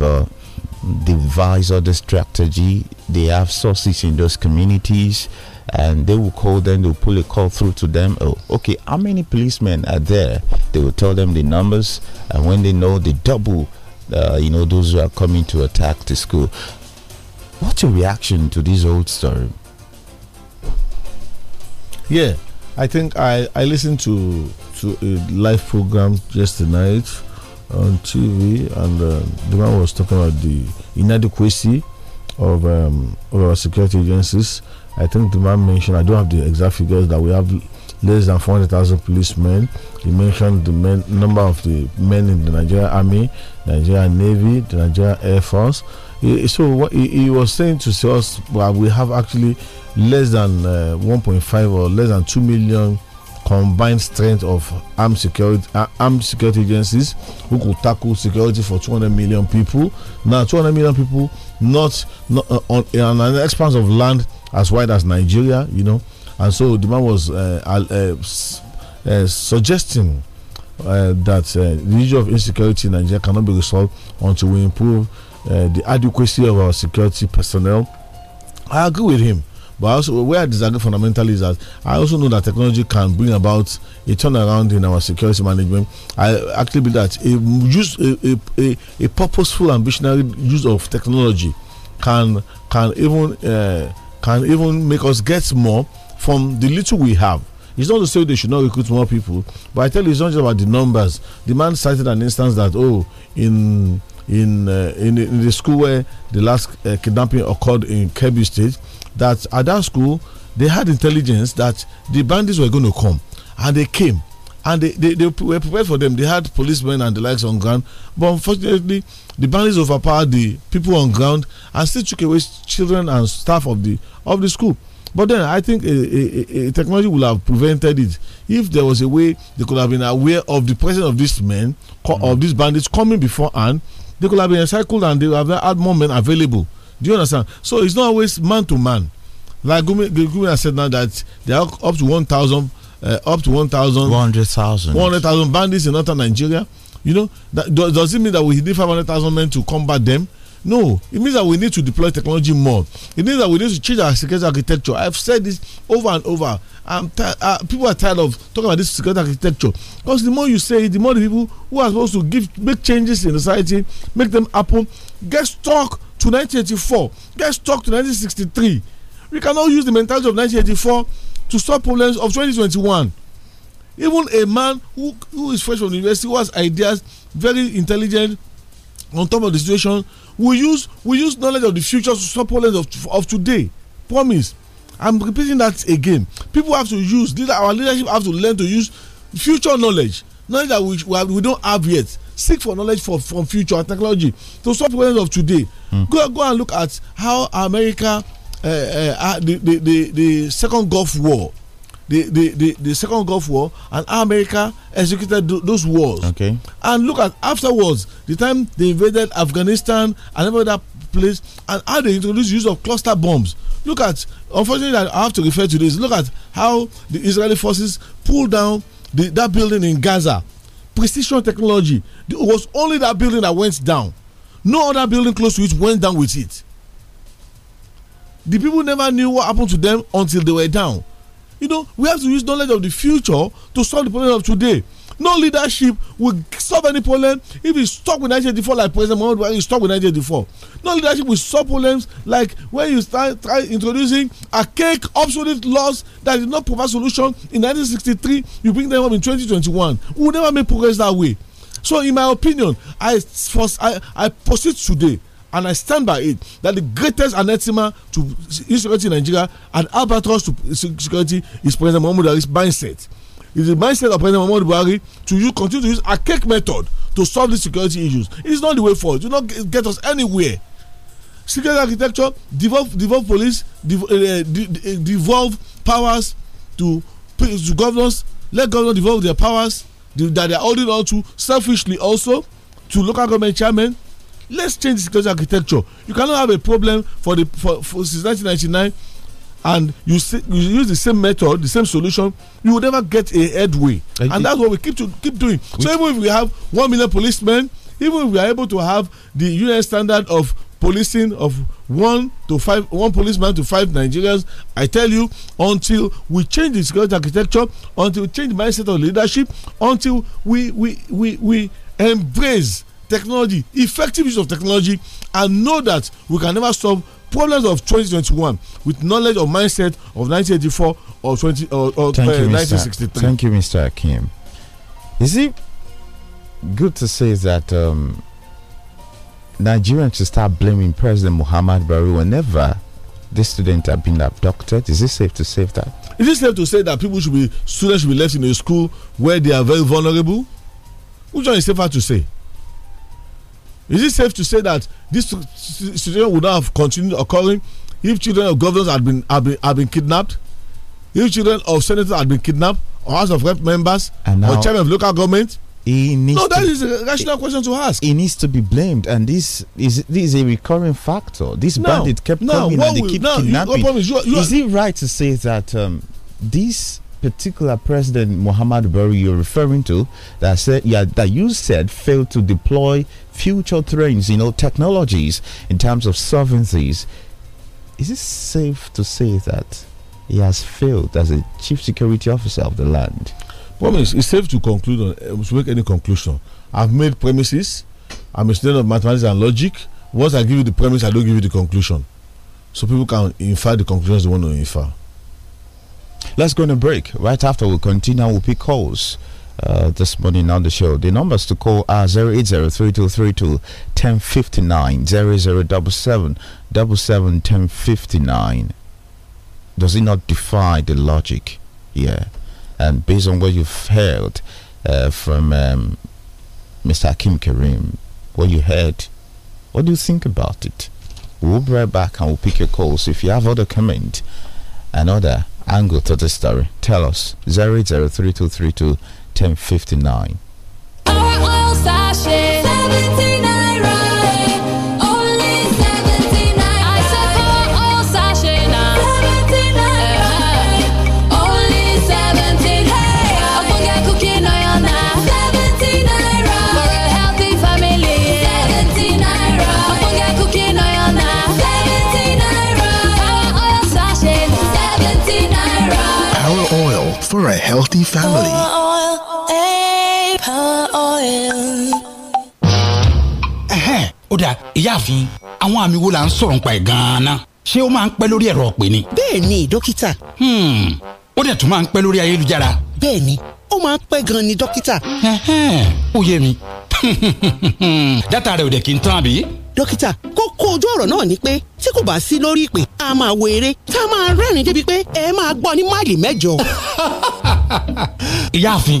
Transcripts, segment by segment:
uh, devise other strategy. They have sources in those communities and they will call them, they'll pull a call through to them. Oh, okay, how many policemen are there? They will tell them the numbers, and when they know, they double, uh, you know, those who are coming to attack the school. What's your reaction to this old story? Yeah, I think I, I listened to to a live program just tonight on TV, and uh, the man was talking about the inadequacy of, um, of our security agencies. I think the man mentioned, I don't have the exact figures, that we have less than 400,000 policemen. He mentioned the men, number of the men in the Nigerian Army, Nigerian Navy, the Nigerian Air Force. He, so what he, he, was saying to us, well, we have actually less than uh, 1.5 or less than 2 million combined strength of armed security uh, armed security agencies who could tackle security for 200 million people. Now, 200 million people, not, not uh, on, on, an expanse of land as wide as Nigeria, you know. And so the man was uh, uh, uh suggesting uh, that the issue of insecurity in Nigeria cannot be resolved until we improve the adequacy of our security personnel. I agree with him but also, where I disagree fundamentally is that I also know that technology can bring about a turnaround in our security management. I actually believe that a use a, a, a purposeful and visionary use of technology can can even uh, can even make us get more from the little we have. It's not to say they should not recruit more people, but I tell you, it's not just about the numbers. The man cited an instance that oh, in in uh, in, in, the school where the last uh, kidnapping occurred in Kebbi State, that at that school they had intelligence that the bandits were going to come and they came and they, they, they were prepared for them they had policemen and the likes on ground but unfortunately the bandits overpowered the people on ground and still took away children and staff of the of the school but then i think a, a, a technology would have prevented it if there was a way they could have been aware of the presence of these men mm -hmm. of these bandits coming beforehand they could have been encircled and they would have had more men available do you understand? So it's not always man to man. Like Gumi, Gumi has said now that they are up to 1,000, uh, up to 1,000, 100,000 bandits in northern Nigeria. You know, that, does it mean that we need 500,000 men to combat them? No, it means that we need to deploy technology more. It means that we need to change our security architecture. I've said this over and over. Uh, people are tired of talking about this security architecture because the more you say it, the more the people who are supposed to give make changes in society, make them happen, get stuck to 1984. Get stuck to 1963. We cannot use the mentality of 1984 to solve problems of 2021. Even a man who, who is fresh from the university, who has ideas, very intelligent, on top of the situation, we use we use knowledge of the future to solve problems of, of today. Promise. I'm repeating that again. People have to use leader, our leadership have to learn to use future knowledge, knowledge that we, we don't have yet seek for knowledge for, from future technology to solve problems of today. Mm. Go, go and look at how America, uh, uh, the, the, the, the, second Gulf War, the, the, the, the, second Gulf War, and America executed those wars. Okay. And look at afterwards, the time they invaded Afghanistan and every other place, and how they introduced use of cluster bombs. Look at, unfortunately, I have to refer to this. Look at how the Israeli forces pulled down the, that building in Gaza precision technology. It was only that building that went down. No other building close to it went down with it. The people never knew what happened to them until they were down. You know, we have to use knowledge of the future to solve the problem of today. No leadership will solve any problem if you stuck with before like President Muhammad Buhari stuck with before. No leadership will solve problems like when you start try introducing cake obsolete laws that did not provide solution in 1963, you bring them up in 2021. We will never make progress that way. So, in my opinion, I, first, I, I proceed today and I stand by it that the greatest anathema to insecurity in Nigeria and albatross to security is President Muhammadu Buhari's mindset is the mindset of President Muhammadu Buhari to use, continue to use cake method to solve these security issues. It's not the way forward. will not get us anywhere. Security architecture devolve devolve police devolve, eh, eh, uh, devolve powers to to governors. Let governors devolve their powers that they are holding on to selfishly also to local government chairmen. Let's change the security architecture. You cannot have a problem for the for, for since 1999 and you, see, you use the same method the same solution you will never get a headway and, and that's what we keep to keep doing we, so even if we have one million policemen even if we are able to have the un standard of policing of one to five one policeman to five nigerians i tell you until we change the security architecture until we change the mindset of leadership until we we we we embrace technology effective use of technology and know that we can never solve problems of 2021 with knowledge of mindset of 1984 or 20 or, or Thank uh, you, 1963. Thank you, Mr. Akim. Is it good to say that um, Nigerians should start blaming President Muhammad Buhari whenever these students are being abducted? Is it safe to say that? Is it safe to say that people should be students should be left in a school where they are very vulnerable? Which one is safer to say? Is it safe to say that this situation would not have continued occurring if children of governors had been, had been, had been kidnapped? If children of senators had been kidnapped, or House of Rep members, or chairman of local government? no, that to, is a rational question to ask. He needs to be blamed, and this is this is a recurring factor. This bandit kept no, coming and they keep kidnapping. You, is, you are, is it right to say that um, this particular President Muhammad Buhari you're referring to that said yeah, that you said failed to deploy future trends, you know, technologies in terms of sovereignties. Is it safe to say that he has failed as a chief security officer of the land? Well, it's, it's safe to conclude on, uh, to make any conclusion. I've made premises. I'm a student of mathematics and logic. Once I give you the premise, I don't give you the conclusion. So people can infer the conclusions they want to infer. Let's go on a break. Right after, we'll continue. We'll pick calls. Uh, this morning on the show. The numbers to call are 80 1059 1059 Does it not defy the logic? Yeah. And based on what you've heard uh, from um, Mr. Akim Karim, what you heard, what do you think about it? We'll be right back and we'll pick your calls. If you have other comment, another angle to the story. Tell us 0803232 1059. a healthy family. Ẹ̀hẹ́n, ó dà ìyáàfin, àwọn àmì wo la ń sọ̀rọ̀ ẹ̀ gan-an Ṣé máa ń pẹ́ ó dẹ̀ tún máa ń pẹ́ lórí ayélujára. bẹ́ẹ̀ni ó máa ń pẹ́ gan ni dókítà. ó yé mi dátà rẹ ò dẹ̀ kí n tán àbí. dókítà kókó ojú ọ̀rọ̀ náà ni pé tí kò bá sí lórí ìpè a máa wo eré tá a máa rẹ́rìn-ín débi pé ẹ máa gbọ́ ní máìlì mẹ́jọ. ìyáàfin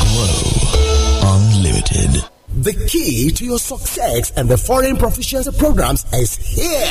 Glow Unlimited. The key to your success and the foreign proficiency programs is here.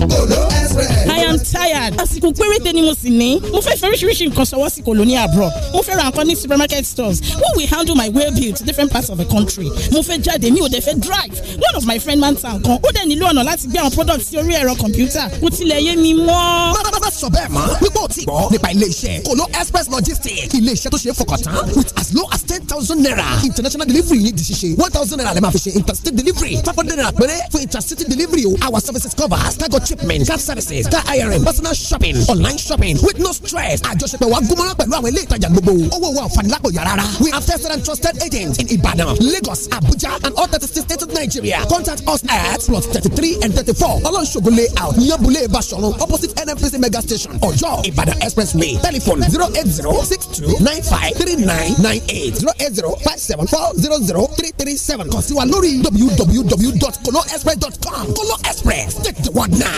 I am tired. Àsìkò péréte ni mo sì ní. Mo fẹ́ fi oríṣiríṣi nǹkan ṣọwọ́ sí Kolo ní abroad. Mo fẹ́ ra nǹkan ní supermarket stores. Who will handle my well bill to different parts of the country. Mo fẹ́ jáde mi ò dẹ̀ fẹ́ drive. One of my friend máa ń ta nǹkan. Ó dẹ̀ nílò ọ̀nà láti gbé àwọn product sí orí ẹ̀rọ kọ̀m̀pútà. Kò tilẹ̀ yé mi mọ́. Bábábá sọ bẹ́ẹ̀ mọ́. Pípọ̀ ti gbọ́ nípa ilé-iṣẹ́ Kolo express logistics. Ilé-iṣẹ́ tó ṣe é fọkàntán with as low as ten thousand naira. International delivery yìí di ṣíṣe. One thousand naira lè máa fi ṣe interstate delivery. Five hundred naira péré fún interstate delivery o. Our services cover. Stagot shipment car services car hiring personal shopping online shopping with no stress àjọṣepọ̀ wa gúnmọ́rán pẹ̀lú àwọn ilé ìtajà gbogbo owó wa ò fani lápò yàrá rárá we are tested and trusted agents in Ibadan Lagos Abuja and all thirty six states of Nigeria contact us at plus thirty three and thirty four Olonsogun layout Yambule Basoro opposite NNPC mega station Ọ̀yọ́ Ibadan expressway telephone zero eight zero six two nine five three nine nine eight zero eight zero five seven four zero zero three three seven kàn sí wa lórí www.koloexpress.com Kolo Express take the word now.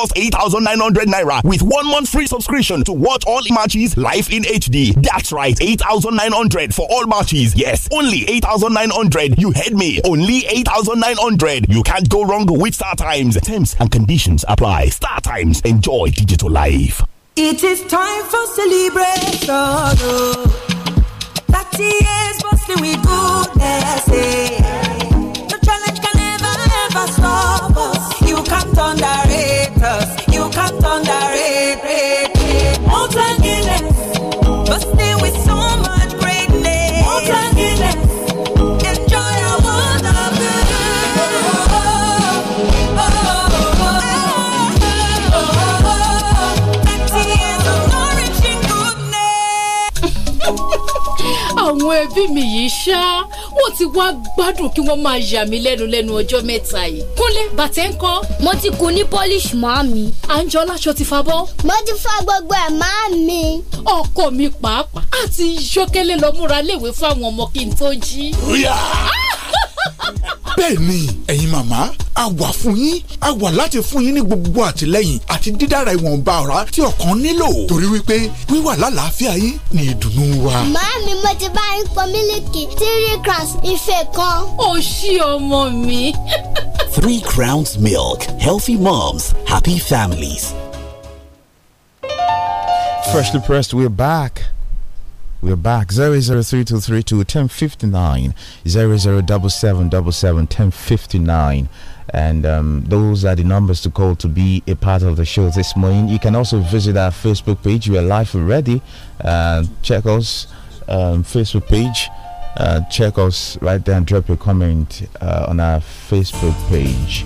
just 8,900 naira with one month free subscription to watch all matches live in HD. That's right, 8,900 for all matches. Yes, only 8,900. You heard me. Only 8,900. You can't go wrong with Star Times. Terms and conditions apply. Star Times. Enjoy digital life. It is time for celebration. 30 years bustling with goodness. Eh? àwọn ẹbí mi yìí ṣá wọ́n ti wá gbádùn kí wọ́n máa yà mí lẹ́nu lẹ́nu ọjọ́ mẹ́ta yìí. kúnlẹ̀ bàtẹ́ ń kọ́. mo ti kun ní polish máa mi. àǹjọ láṣọ ti fa bọ́. mo ti fa gbogbo ẹ̀ máa mi. ọkọ mi pàápàá àti yọkẹ́lẹ́ lọ múra léwe fáwọn ọmọ kí n tó jí. Ah! bẹ́ẹ̀ni ẹ̀yin màmá a wà fún yín a wà láti fún yín ní gbogbo àtìlẹ́yìn àti dídára ìwọ̀nba ọ̀rá tí ọkàn nílò torí wípé wíwà lálàáfíà yín ni ìdùnnú wa. fun yin a wa lati fun yin ni gbogbo atileyin ati didara iwonba ora ti okan nilo tori wipe wiwa lalaafia yin ni idunnu wa mi mo ti bá yín pọn mílìkì three crowns ife kan. ó ṣí ọmọ mi. three crowns milk healthy moms happy families. freshly pressed we're back. We're back. 003232 1059 0077771059. And um, those are the numbers to call to be a part of the show this morning. You can also visit our Facebook page. We are live already. Uh, check us um, Facebook page. Uh, check us right there and drop your comment uh, on our Facebook page.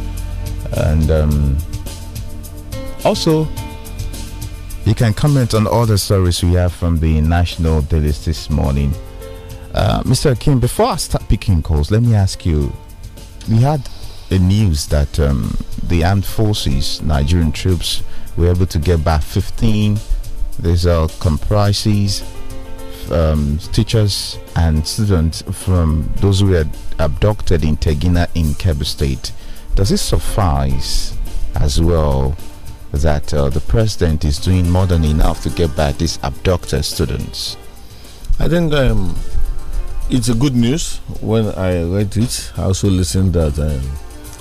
And um, also, you can comment on all the stories we have from the national daily this morning. Uh, Mr. Kim, before I start picking calls, let me ask you we had the news that um, the armed forces, Nigerian troops, were able to get back 15. These are comprises um, teachers and students from those who were abducted in Tegina in Kebbi State. Does it suffice as well that uh, the president is doing more than enough to get back these abducted students? I think um, it's a good news. When I read it, I also listened that um,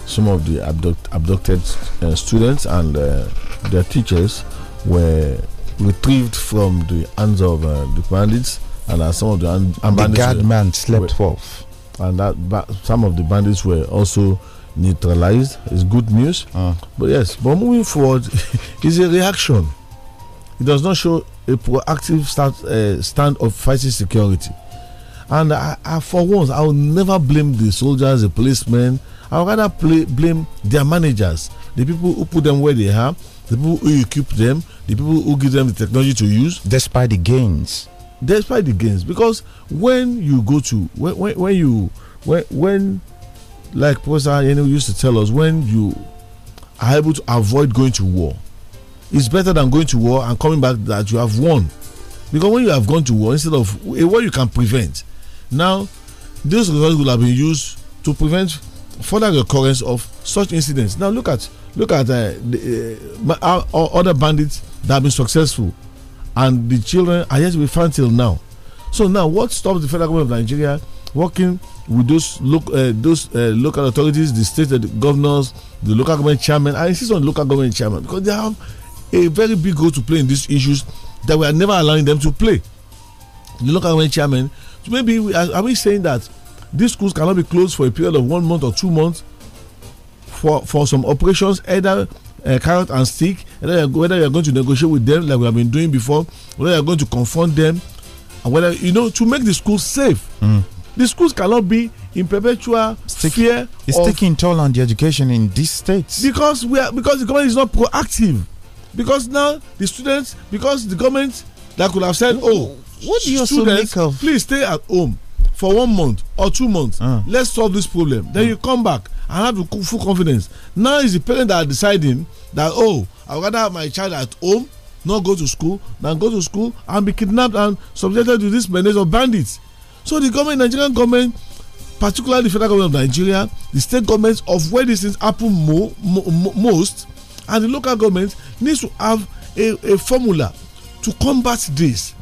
some of the abduct abducted uh, students and uh, their teachers were retrieved from the hands of uh, the bandits, and some of the, and the guard man slept were, off, and that some of the bandits were also neutralized. It's good news. Uh. But yes, but moving forward is a reaction. It does not show a proactive start, uh, stand of fighting security. And I, I, for once, I will never blame the soldiers, the policemen. I would rather play, blame their managers, the people who put them where they are, the people who equip them, the people who give them the technology to use. Despite the gains. Despite the gains. Because when you go to, when, when, when you, when, when like Professor Yenu used to tell us, when you are able to avoid going to war, it's better than going to war and coming back that you have won. Because when you have gone to war, instead of a war you can prevent, now these results will have been used to prevent further recurrence of such incidents. Now look at look at uh, the, uh, other bandits that have been successful, and the children are yet to be found till now. So now, what stops the federal government of Nigeria working with those local uh, those uh, local authorities, the state the governors, the local government chairman. I insist on local government chairman because they have a very big role to play in these issues that we are never allowing them to play. The local government chairman. So maybe we, are, are we saying that these schools cannot be closed for a period of one month or two months for for some operations either uh, carrot and stick whether you are going to negotiate with them like we have been doing before whether you are going to confront them and whether you know to make the school safe mm the schools cannot be in perpetual it's fear. it's taking toll on the education in these states. Because we are because the government is not proactive. Because now the students, because the government that could have said, "Oh, what do you students, make of? Please stay at home for one month or two months. Uh. Let's solve this problem." Then uh. you come back and have full confidence. Now is the parent that are deciding that, "Oh, I would rather have my child at home, not go to school, than go to school and be kidnapped and subjected to this menace of bandits." So the government, Nigerian government, particularly the federal government of Nigeria, the state governments of where these things happen mo, mo, most, and the local government needs to have a, a formula to combat this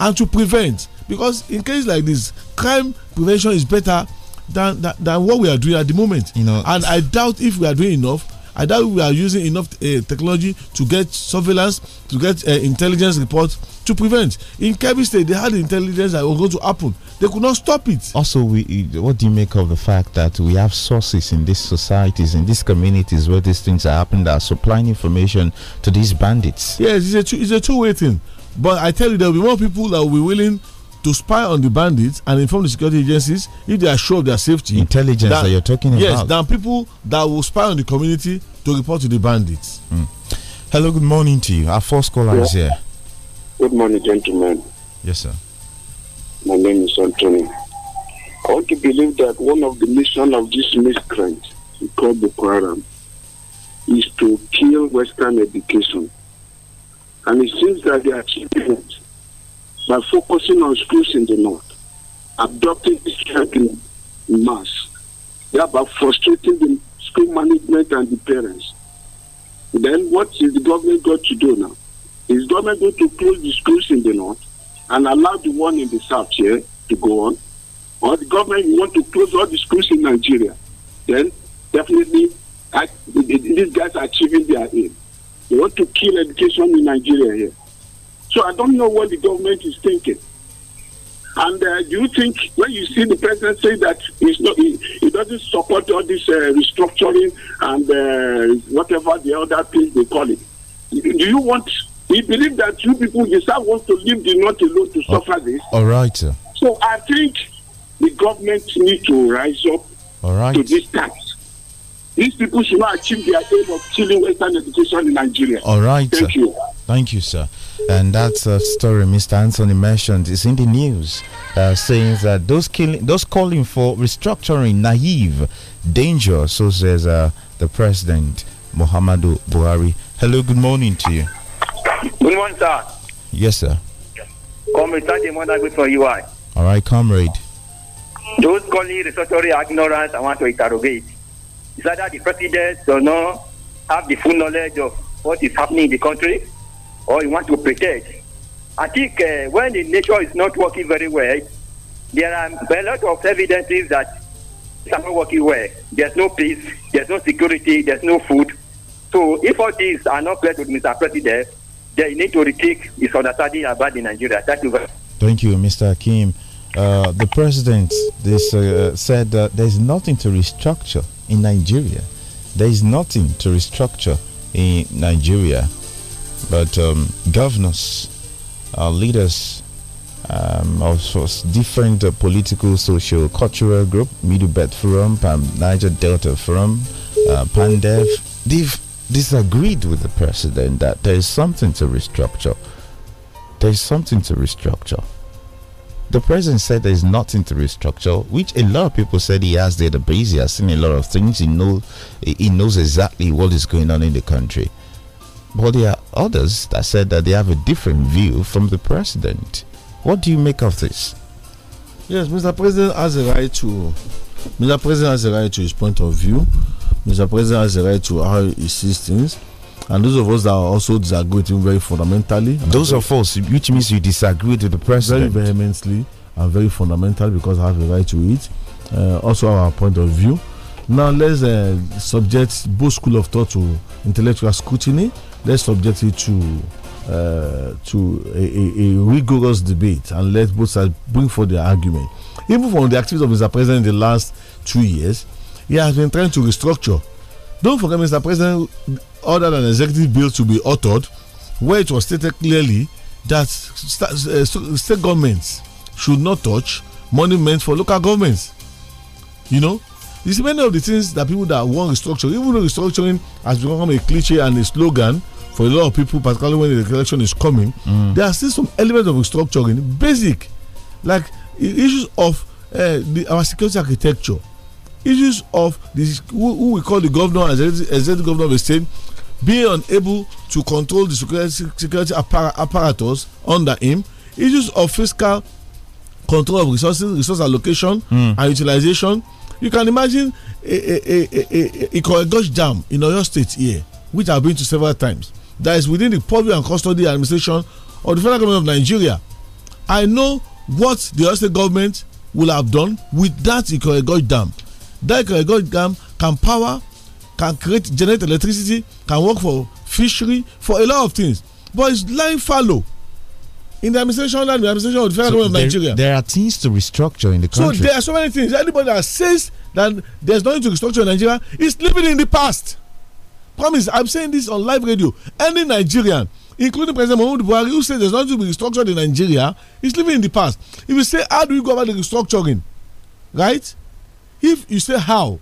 and to prevent. Because in cases like this, crime prevention is better than, than, than what we are doing at the moment. You know, and I doubt if we are doing enough Either we are using enough uh, technology to get surveillance, to get uh, intelligence reports to prevent. In Kebbi State, they had intelligence that was going to happen. They could not stop it. Also, we, what do you make of the fact that we have sources in these societies, in these communities where these things are happening that are supplying information to these bandits? Yes, it's a, two, it's a two way thing. But I tell you, there will be more people that will be willing to spy on the bandits and inform the security agencies if they are sure of their safety. Intelligence that, that you're talking yes, about. Yes, than people that will spy on the community to report to the bandits. Mm. Hello, good morning to you. Our first caller is here. Good morning, gentlemen. Yes, sir. My name is Anthony. I want to believe that one of the mission of this miscreant, called the program is to kill Western education. And it seems that the achievement by focusing on schools in the north, adopting this trend in mass, thereby frustrating the school management and the parents. Then what is the government going to do now? Is government going to close the schools in the north and allow the one in the south here to go on? Or the government want to close all the schools in Nigeria? Then definitely I, these guys are achieving their aim. They want to kill education in Nigeria here. So I don't know what the government is thinking. And uh, do you think when you see the president say that he's not, he, he doesn't support all this uh, restructuring and uh, whatever the other things they call it? Do you want? He believe that you people yourself want to leave the not alone to oh, suffer this. All right. So I think the government need to rise up all right. to this task these people should not achieve their aim of killing Western education in Nigeria. All right. Thank you. Thank you, sir and that uh, story Mr. Anthony mentioned is in the news, uh, saying that those killing, those calling for restructuring, naive, dangerous? So says uh, the president, Muhammadu Buhari. Hello, good morning to you. Good morning, sir. Yes, sir. Comrade Sergeant Monday for you. All right, comrade. Those calling restructuring ignorance, I want to interrogate. Is that the president does not have the full knowledge of what is happening in the country? or you want to protect. I think uh, when the nature is not working very well, there are a lot of evidences that it's not working well. There's no peace, there's no security, there's no food. So if all these are not clear to Mr. President, they you need to rethink his understanding about the Nigeria. Thank you very much. Thank you, Mr. Akim. Uh, the president this, uh, said that there's nothing to restructure in Nigeria. There is nothing to restructure in Nigeria. But um, governors, our leaders um, of different uh, political, social, cultural group, Middle Belt Forum, Pan Niger Delta Forum, uh, Pandev, they've disagreed with the president that there is something to restructure. There is something to restructure. The president said there is nothing to restructure, which a lot of people said he has database. He has seen a lot of things. He know he knows exactly what is going on in the country. But there are others that said that they have a different view from the president. What do you make of this? Yes, Mr. President has a right to Mr. President has a right to his point of view. Mr. President has a right to how he sees things. And those of us that also disagree with him very fundamentally. Those of us, which means you disagree with the president. Very vehemently and very fundamentally because I have a right to it. Uh, also, our point of view. Now, let's uh, subject both school of thought to intellectual scrutiny let's subject it to uh, to a, a, a, rigorous debate and let both sides bring forth their argument. Even from the activities of Mr. President in the last two years, he has been trying to restructure. Don't forget, Mr. President ordered an executive bill to be authored where it was stated clearly that uh, state governments should not touch money meant for local governments. You know, you see, many of the things that people that want restructuring, even though restructuring has become a cliche and a slogan, for a lot of people, particularly when the election is coming, mm. there are still some elements of restructuring, basic, like issues of uh, the, our security architecture, issues of this, who, who we call the governor, executive, the governor of the state, being unable to control the security, security appara apparatus under him, issues of fiscal control of resources, resource allocation mm. and utilization. You can imagine a a a a, a, a, a jam in Oyo State here, which I've been to several times that is within the public and custody administration of the federal government of Nigeria. I know what the United government will have done with that Ikoregoj dam. That Ikoregoj dam can power, can create, generate electricity, can work for fishery, for a lot of things. But it's lying fallow in the administration under the administration of the federal so government there, of Nigeria. There are things to restructure in the country. So there are so many things. Anybody that says that there's nothing to restructure in Nigeria is living in the past promise i'm saying this on live radio any nigerian including president muhammadu buhari who says there's nothing to be restructured in nigeria is living in the past if you say how do we go about the restructuring right if you say how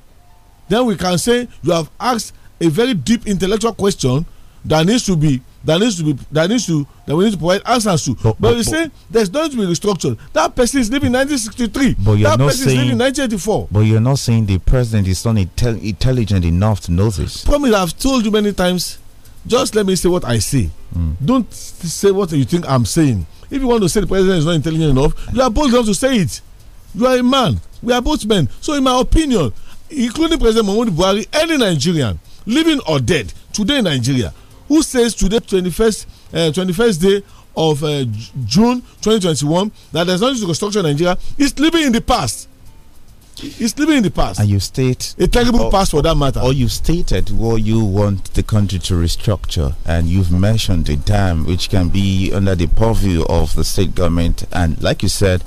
then we can say you have asked a very deep intellectual question that needs to be that needs to be that needs to that we need to provide answers to. But, but, we say there's going to be restructured. That person is living in 1963. But you're that not person saying, is living in 1984. But you're not saying the president is not intel intelligent enough to know this. Promise, I've told you many times. Just let me say what I say. Mm. Don't say what you think I'm saying. If you want to say the president is not intelligent enough, you are bold enough to say it. You are a man. We are both men. So, in my opinion, including President Mahmoud Buhari, any Nigerian, living or dead, today in Nigeria, who says today 21st, uh, 21st day of uh, June 2021 that there's no to in Nigeria is living in the past. It's living in the past. And you state a terrible or, past for that matter. Or you stated what you want the country to restructure, and you've mentioned a dam which can be under the purview of the state government, and like you said,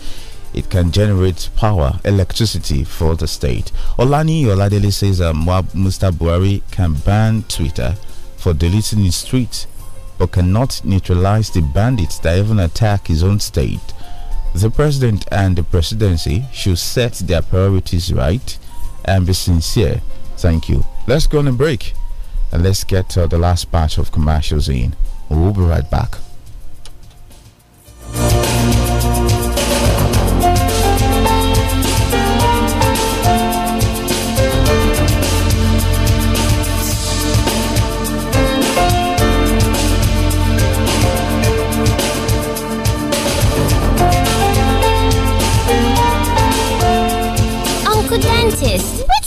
it can generate power, electricity for the state. Olani Oladele says um, Mr. Buhari can ban Twitter for deleting his tweets, but cannot neutralize the bandits that even attack his own state. The president and the presidency should set their priorities right and be sincere. Thank you. Let's go on a break and let's get uh, the last batch of commercials in. We'll be right back.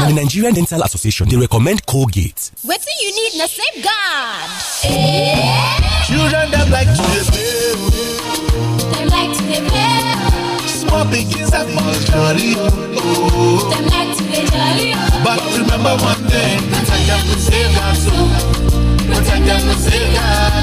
now, the Nigerian Dental Association, they recommend Colgate. What do you need in safeguard? Children like to play. Oh. like to play. Oh. Small pigs have more jolly. Oh. like to jolly. But remember one thing, protect them Protect them safeguard.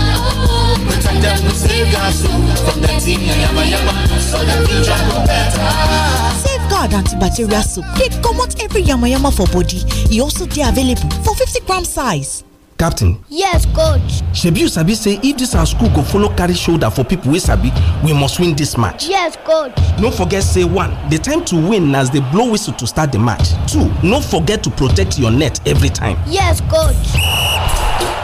protect them, we safeguard soon from the thing and yama yama, so the future go better. Safeguard antibacterial soap. They come out every yama yama for body. It also they available for 50 gram size. captain yes coach shebi you sabi say if this our school go follow carry shoulder for people, wey sabi we must win this match yes coach no forget say one The time to win as dey blow whistle to start the match two no forget to protect your net every time yes coach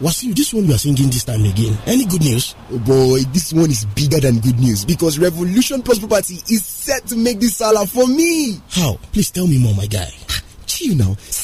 Was you? This one we are singing this time again. Any good news? Oh boy, this one is bigger than good news because Revolution Plus Property is set to make this salah for me. How? Please tell me more, my guy. Chill now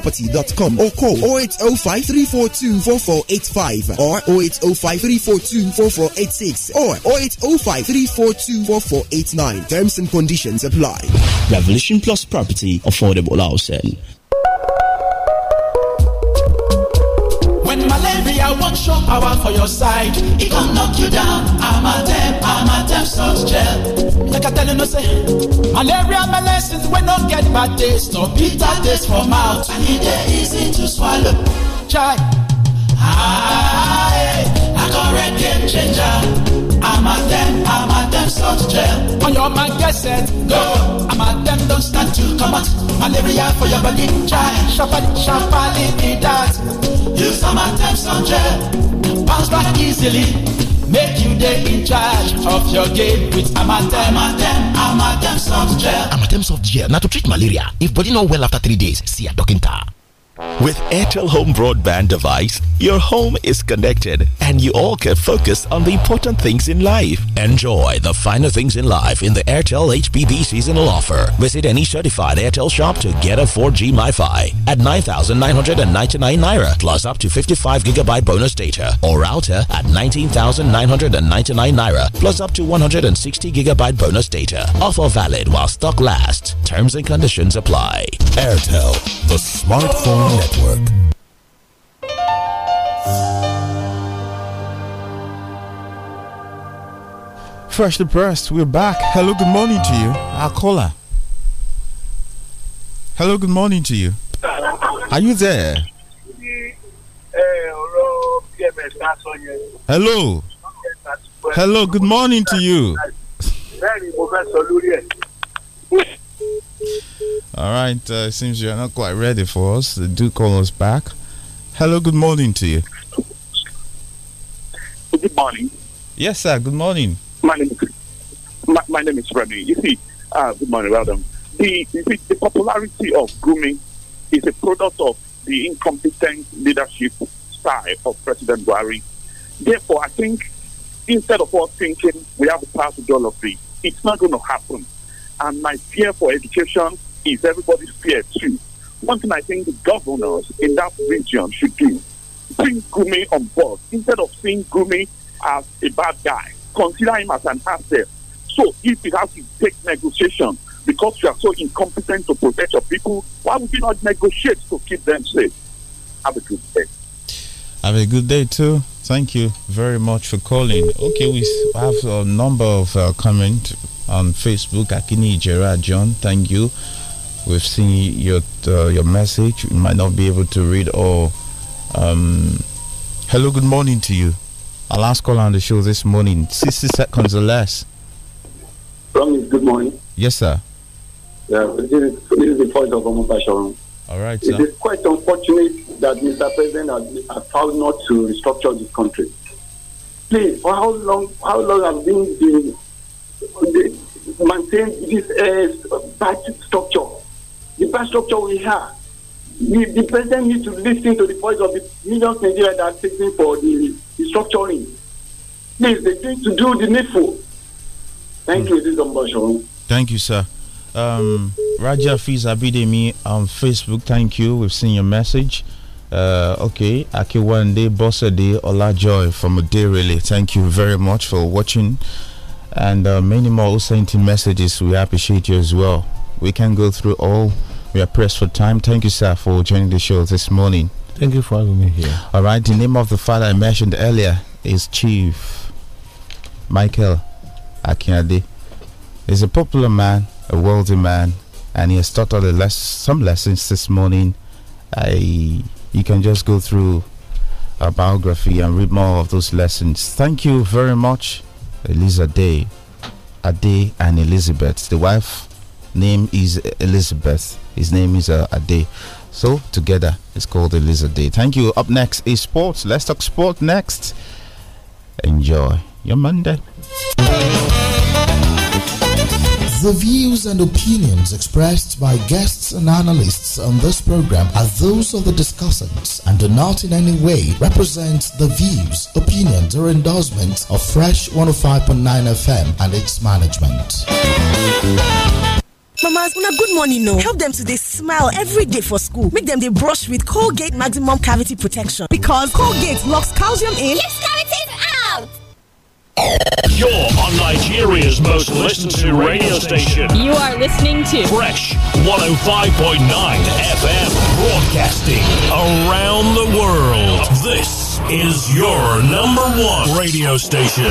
property.com or call 0805 342 4485 or 0805 342 4486 or 0805 342 4489. Terms and conditions apply. Revolution Plus Property Affordable Housing. power for your side it come knock you down I'm I'm a a amatem salt gel Like i tell you no say malaria we do no get bad taste no bitter taste for mouth and e dey easy to swallow Try. ah correct game changer. Amatem, Amatem salt gel. On your mind, guess it. go. Amatem don't start to come out. Malaria for your body, try. Sharply, sharply need that. Use them, salt gel. Bounce back easily. Make you day in charge of your game with Amatem, Amatem, Amatem soft gel. Amatem soft gel. Now to treat malaria. If body not well after three days, see a doctor. With Airtel Home Broadband device, your home is connected and you all can focus on the important things in life. Enjoy the finer things in life in the Airtel HBB seasonal offer. Visit any certified Airtel shop to get a 4G MiFi at 9,999 Naira plus up to 55 gigabyte bonus data or router at 19,999 Naira plus up to 160 gigabyte bonus data. Offer valid while stock lasts. Terms and conditions apply. Airtel, the smartphone Network. Fresh the we're back. Hello, good morning to you. Our caller. Hello, good morning to you. Are you there? Hello. Hello, good morning to you. All right, uh, seems you're not quite ready for us. Do call us back. Hello, good morning to you. Good morning. Yes, sir. Good morning. My name is my, my name is Remy. You see, uh, good morning. madam. The you see, the popularity of grooming is a product of the incompetent leadership style of President Buhari. Therefore, I think instead of us thinking we have a pass to all of this, it's not going to happen. And my fear for education is everybody's fear too. One thing I think the governors in that region should do, bring Gumi on board. Instead of seeing Gumi as a bad guy, consider him as an asset. So if it has to take negotiation because you are so incompetent to protect your people, why would you not negotiate to keep them safe? Have a good day. Have a good day too. Thank you very much for calling. Okay, we have a number of uh, comments on Facebook. Akini Gerard John, thank you. We've seen your uh, your message. We might not be able to read all. Um, hello, good morning to you. Our last call on the show this morning, 60 seconds or less. Promise, good morning. Yes, sir. Yeah, this is, this is the voice of Omobasharon. All right, sir. It is quite unfortunate that Mr. President has, has failed not to restructure this country. Please, for how long, how long have been the, maintained this uh, bad structure? infrastructure we have. The, the president needs to listen to the voice of the millions of Nigerians that are seeking for the, the structuring. Please, they need to do the needful. Thank mm. you, this is Ombosho. Thank you, sir. Um, Raja Fiz Abidemi on Facebook, thank you. We've seen your message. Uh, okay, Akiwande Bosade Olajoy from Adirele, thank you very much for watching. And uh, many more who sent messages. We appreciate you as well. We can go through all we are pressed for time. Thank you, sir, for joining the show this morning. Thank you for having me here. All right. The name of the father I mentioned earlier is Chief Michael Akiade. He's a popular man, a wealthy man, and he has taught us less, some lessons this morning. I, you can just go through a biography and read more of those lessons. Thank you very much, Eliza Day, Ade, and Elizabeth. The wife name is Elizabeth. His name is uh, Ade. So together, it's called Eliza Day. Thank you. Up next is sports. Let's talk sport next. Enjoy your Monday. The views and opinions expressed by guests and analysts on this program are those of the discussants and do not in any way represent the views, opinions, or endorsements of Fresh 105.9 FM and its management. Mamas, una good morning, no. Help them to they smile every day for school. Make them they brush with Colgate Maximum Cavity Protection because Colgate locks calcium in. Keeps cavities out. You're on Nigeria's most listened to radio station. You are listening to Fresh 105.9 FM broadcasting around the world. This is your number one radio station.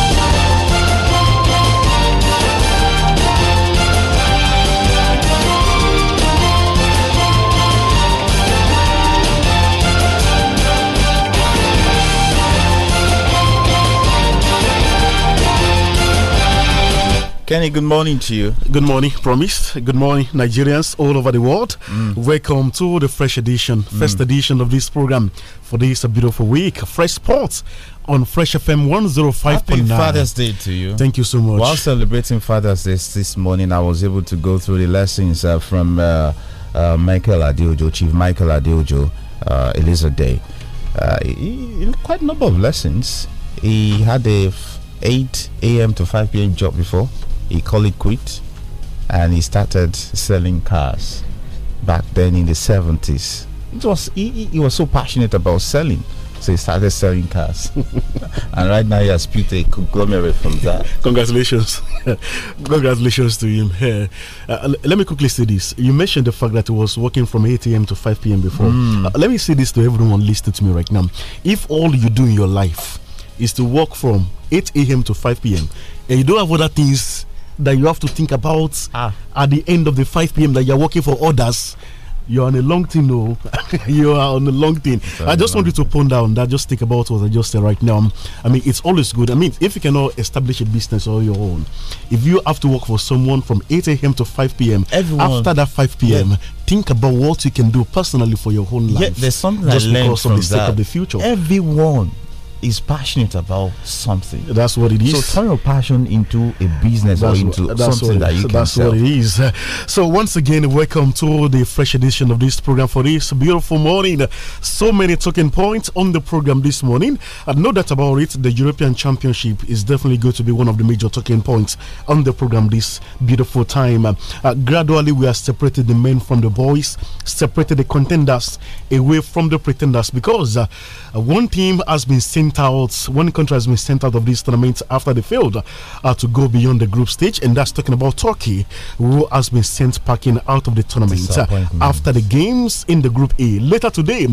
Kenny, good morning to you. Good morning, promised. Good morning, Nigerians all over the world. Mm. Welcome to the fresh edition, mm. first mm. edition of this program for this beautiful week. Fresh Sports on Fresh FM 105.9. Happy oh Father's Day to you. Thank you so much. While celebrating Father's Day this morning, I was able to go through the lessons uh, from uh, uh, Michael Adeojo, Chief Michael Adeojo, uh, Elizabeth uh, Day. He, he, quite a number of lessons. He had a 8 a.m. to 5 p.m. job before he called it quit and he started selling cars back then in the 70s. It was he, he was so passionate about selling. So he started selling cars. and right now he has built a conglomerate from that. Congratulations. Congratulations to him. Uh, let me quickly say this. You mentioned the fact that he was working from 8 a.m. to 5 p.m. before. Mm. Uh, let me say this to everyone listening to me right now. If all you do in your life is to work from 8 a.m. to 5 p.m., and you don't have other things that you have to think about ah. at the end of the 5 p.m. that you're working for others. You're on a long thing, no. you are on a long thing. I just want you to ponder on that. Just think about what I just said right now. I mean, it's always good. I mean, if you cannot establish a business on your own, if you have to work for someone from 8 a.m. to 5 p.m., after that 5 p.m., yeah think about what you can do personally for your own life. Yeah, there's something just I learned because of the sake of the future. Everyone is passionate about something. That's what it is. So turn your passion into a business that's or into what, something that you so can That's sell. what it is. So once again, welcome to the fresh edition of this program for this beautiful morning. So many talking points on the program this morning. And no doubt about it, the European Championship is definitely going to be one of the major talking points on the program this beautiful time. Uh, gradually, we are separated the men from the boys, separated the contenders away from the pretenders because uh, one team has been seen sent out, one country has been sent out of this tournament after they failed uh, to go beyond the group stage, and that's talking about Turkey, who has been sent packing out of the tournament after the games in the Group A. Later today,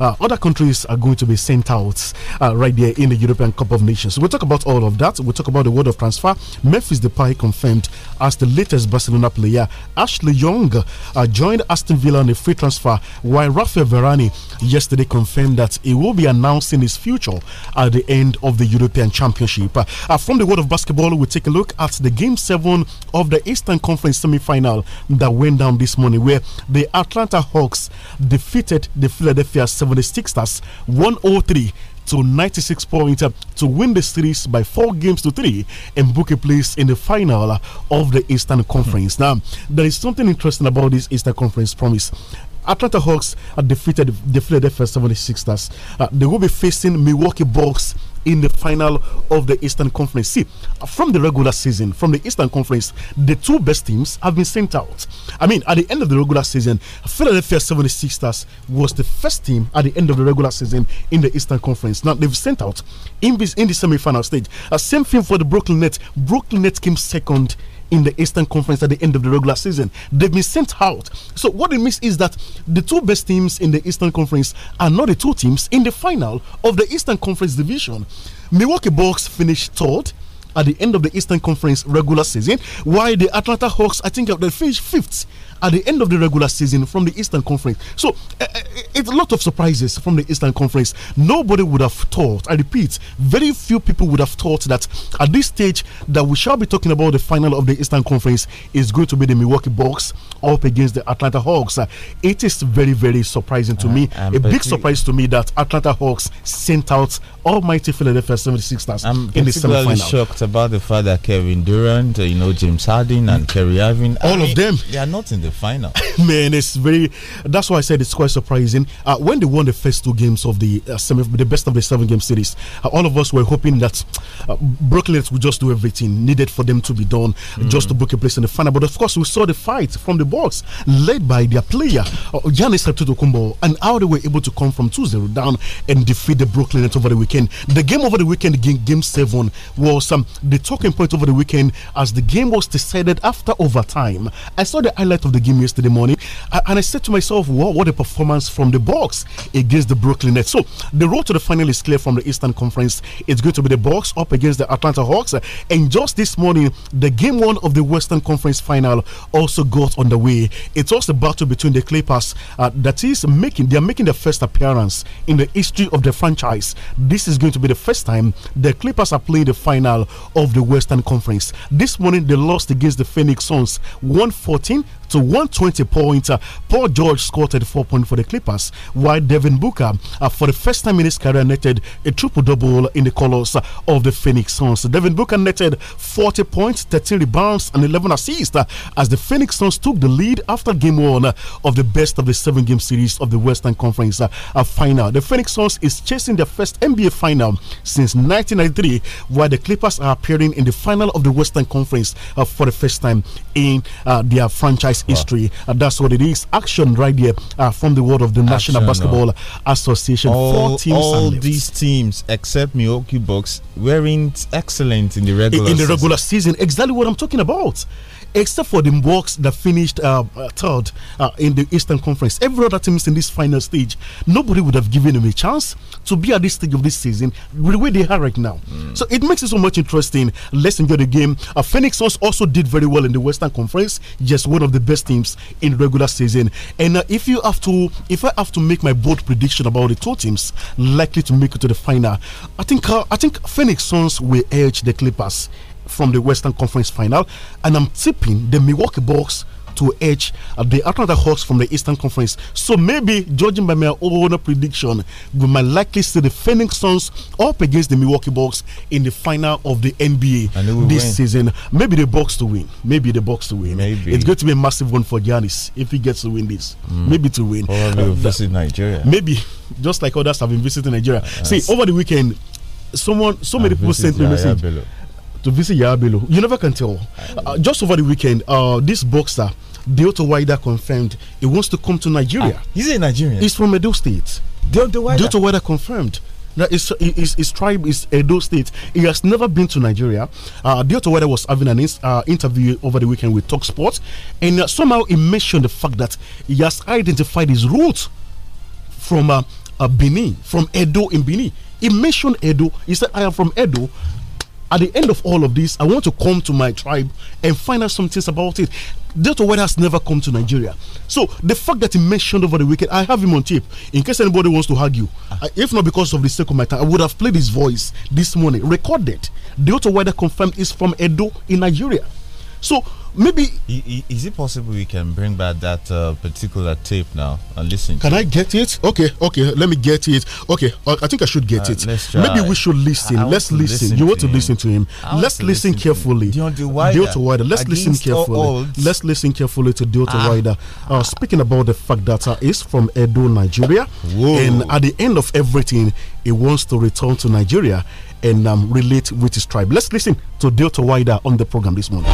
uh, other countries are going to be sent out uh, right there in the European Cup of Nations. We'll talk about all of that. We'll talk about the world of transfer. Memphis Depay confirmed as the latest Barcelona player. Ashley Young uh, joined Aston Villa on a free transfer, while Rafael Varane yesterday confirmed that he will be announcing his future at the end of the European Championship. Uh, from the world of basketball, we take a look at the Game 7 of the Eastern Conference semi final that went down this morning, where the Atlanta Hawks defeated the Philadelphia 76ers 103 to 96 points uh, to win the series by four games to three and book a place in the final of the Eastern Conference. Mm -hmm. Now, there is something interesting about this Eastern Conference promise. Atlanta Hawks are defeated the Philadelphia 76ers. Uh, they will be facing Milwaukee Bucks in the final of the Eastern Conference. See, from the regular season, from the Eastern Conference, the two best teams have been sent out. I mean, at the end of the regular season, Philadelphia 76ers was the first team at the end of the regular season in the Eastern Conference. Now, they've sent out in, this, in the semi final stage. Uh, same thing for the Brooklyn Nets. Brooklyn Nets came second in the Eastern Conference at the end of the regular season. They've been sent out. So what it means is that the two best teams in the Eastern Conference are not the two teams in the final of the Eastern Conference division. Milwaukee Bucks finished third at the end of the Eastern Conference regular season, while the Atlanta Hawks, I think, they finished fifth at the end of the regular season from the Eastern Conference. So uh, it's a lot of surprises from the Eastern Conference. Nobody would have thought, I repeat, very few people would have thought that at this stage that we shall be talking about the final of the Eastern Conference is going to be the Milwaukee Bucks up against the Atlanta Hawks. Uh, it is very, very surprising to uh, me. Um, a big surprise to me that Atlanta Hawks sent out almighty Philadelphia 76ers I'm in the I'm shocked about the fact that Kevin Durant, uh, you know, James Harden and Kerry Irving. All I mean, of them. They are not in the final. Man, it's very. That's why I said it's quite surprising. Uh, when they won the first two games of the uh, semi, the best of the seven game series, uh, all of us were hoping that uh, Brooklyn would just do everything needed for them to be done mm. just to book a place in the final. But of course, we saw the fight from the box led by their player, uh, Giannis Antetokounmpo, and how they were able to come from 2 0 down and defeat the Brooklyn Nets over the weekend weekend. The game over the weekend, game, game seven, was um, the talking point over the weekend as the game was decided after overtime. I saw the highlight of the game yesterday morning, and I said to myself, "Wow, what a performance from the box against the Brooklyn Nets!" So the road to the final is clear from the Eastern Conference. It's going to be the box up against the Atlanta Hawks, and just this morning, the game one of the Western Conference final also got underway. It's also a battle between the Clippers uh, that is making they are making their first appearance in the history of the franchise. This this is going to be the first time the Clippers are playing the final of the Western Conference. This morning, they lost against the Phoenix Suns 114 to 120 points. Paul George scored 34 points for the Clippers, while Devin Booker, uh, for the first time in his career, netted a triple double in the colors of the Phoenix Suns. Devin Booker netted 40 points, 13 rebounds, and 11 assists uh, as the Phoenix Suns took the lead after game one uh, of the best of the seven game series of the Western Conference final. The Phoenix Suns is chasing their first NBA final since 1993, while the Clippers are appearing in the final of the Western Conference for the first time in their franchise wow. history. Uh, that's what it is. Action right here uh, from the world of the Action, National Basketball no. Uh, Association. All, Four teams all these teams except Milwaukee Bucks weren't excellent in the regular in, in the regular season. season. Exactly what I'm talking about except for the Bucks that finished uh, uh, third uh, in the Eastern Conference. Every other teams in this final stage, nobody would have given them a chance to be at this stage of this season the way they are right now. Mm. So it makes it so much interesting. Let's enjoy the game. Uh, Phoenix also did very well in the Western Conference, just one of the best teams in regular season. And uh, if you have to, if I have to make my bold prediction about the two teams likely to make it to the final, I think uh, I think Phoenix Suns will edge the Clippers from the Western Conference final, and I'm tipping the Milwaukee Bucks to edge uh, the Atlanta Hawks from the Eastern Conference. So maybe, judging by my own prediction, we might likely see the Phoenix Suns up against the Milwaukee Bucks in the final of the NBA this win. season. Maybe the Bucks to win. Maybe the Bucks to win. Maybe it's going to be a massive one for Giannis if he gets to win this. Mm. Maybe to win. Probably uh, visit Nigeria. Maybe just like others have been visiting Nigeria. Uh, see, over the weekend, someone, so many people sent me a message to visit Yabelo. You never can tell. Uh, just over the weekend, uh, this boxer, Deoto Wider, confirmed he wants to come to Nigeria. Ah, he's a Nigerian. He's from Edo State. Deoto Wider. Deoto Wider confirmed. Now, his, his, his, tribe is Edo State. He has never been to Nigeria. Uh, Deoto Wider was having an uh, interview over the weekend with Talk Sports, and uh, somehow he mentioned the fact that he has identified his roots from uh, uh, Benin, from Edo in Benin. He mentioned Edo. He said, I am from Edo at the end of all of this, I want to come to my tribe and find out some things about it. Delta White has never come to Nigeria. So the fact that he mentioned over the weekend, I have him on tape in case anybody wants to argue. Uh, if not because of the sake of my time, I would have played his voice this morning, recorded. Delta White confirmed is from Edo in Nigeria. So maybe is it possible we can bring back that uh, particular tape now and listen can i get it okay okay let me get it okay uh, i think i should get uh, it maybe we should listen let's listen. listen. you want to listen to him let's to listen, listen carefully Deoto Wider. let's listen carefully let's listen carefully to Deoto ah. Wider. Uh, speaking about the fact that he uh, he's from edo nigeria Whoa. and at the end of everything he wants to return to nigeria and um, relate with his tribe let's listen to Deoto Wider on the program this morning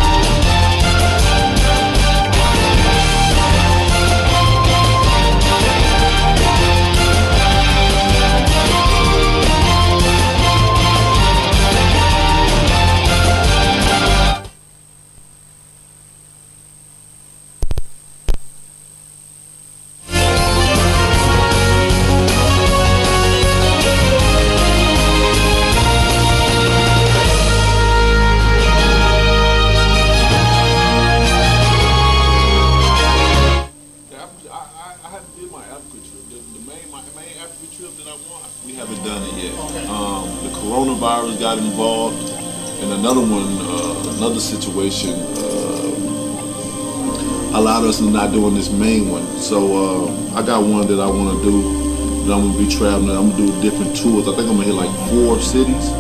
doing this main one. So uh, I got one that I want to do that I'm gonna be traveling. I'm gonna do different tours. I think I'm gonna hit like four cities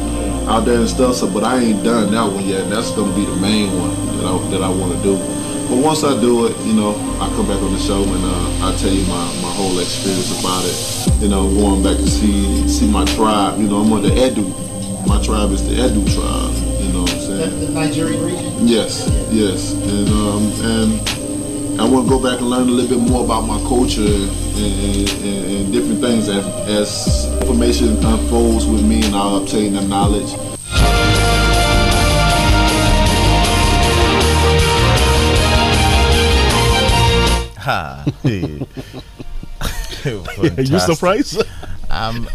out there and stuff. So, but I ain't done that one yet. that's gonna be the main one that I that I want to do. But once I do it, you know, I come back on the show and uh, I tell you my, my whole experience about it. You know, going back to see see my tribe. You know, I'm on the Edu. My tribe is the Edu tribe. You know what I'm saying? The Nigerian region. Yes, yes, and um and I want to go back and learn a little bit more about my culture and, and, and different things as, as information unfolds with me and I'll obtain the knowledge. Ha. you surprised? I'm,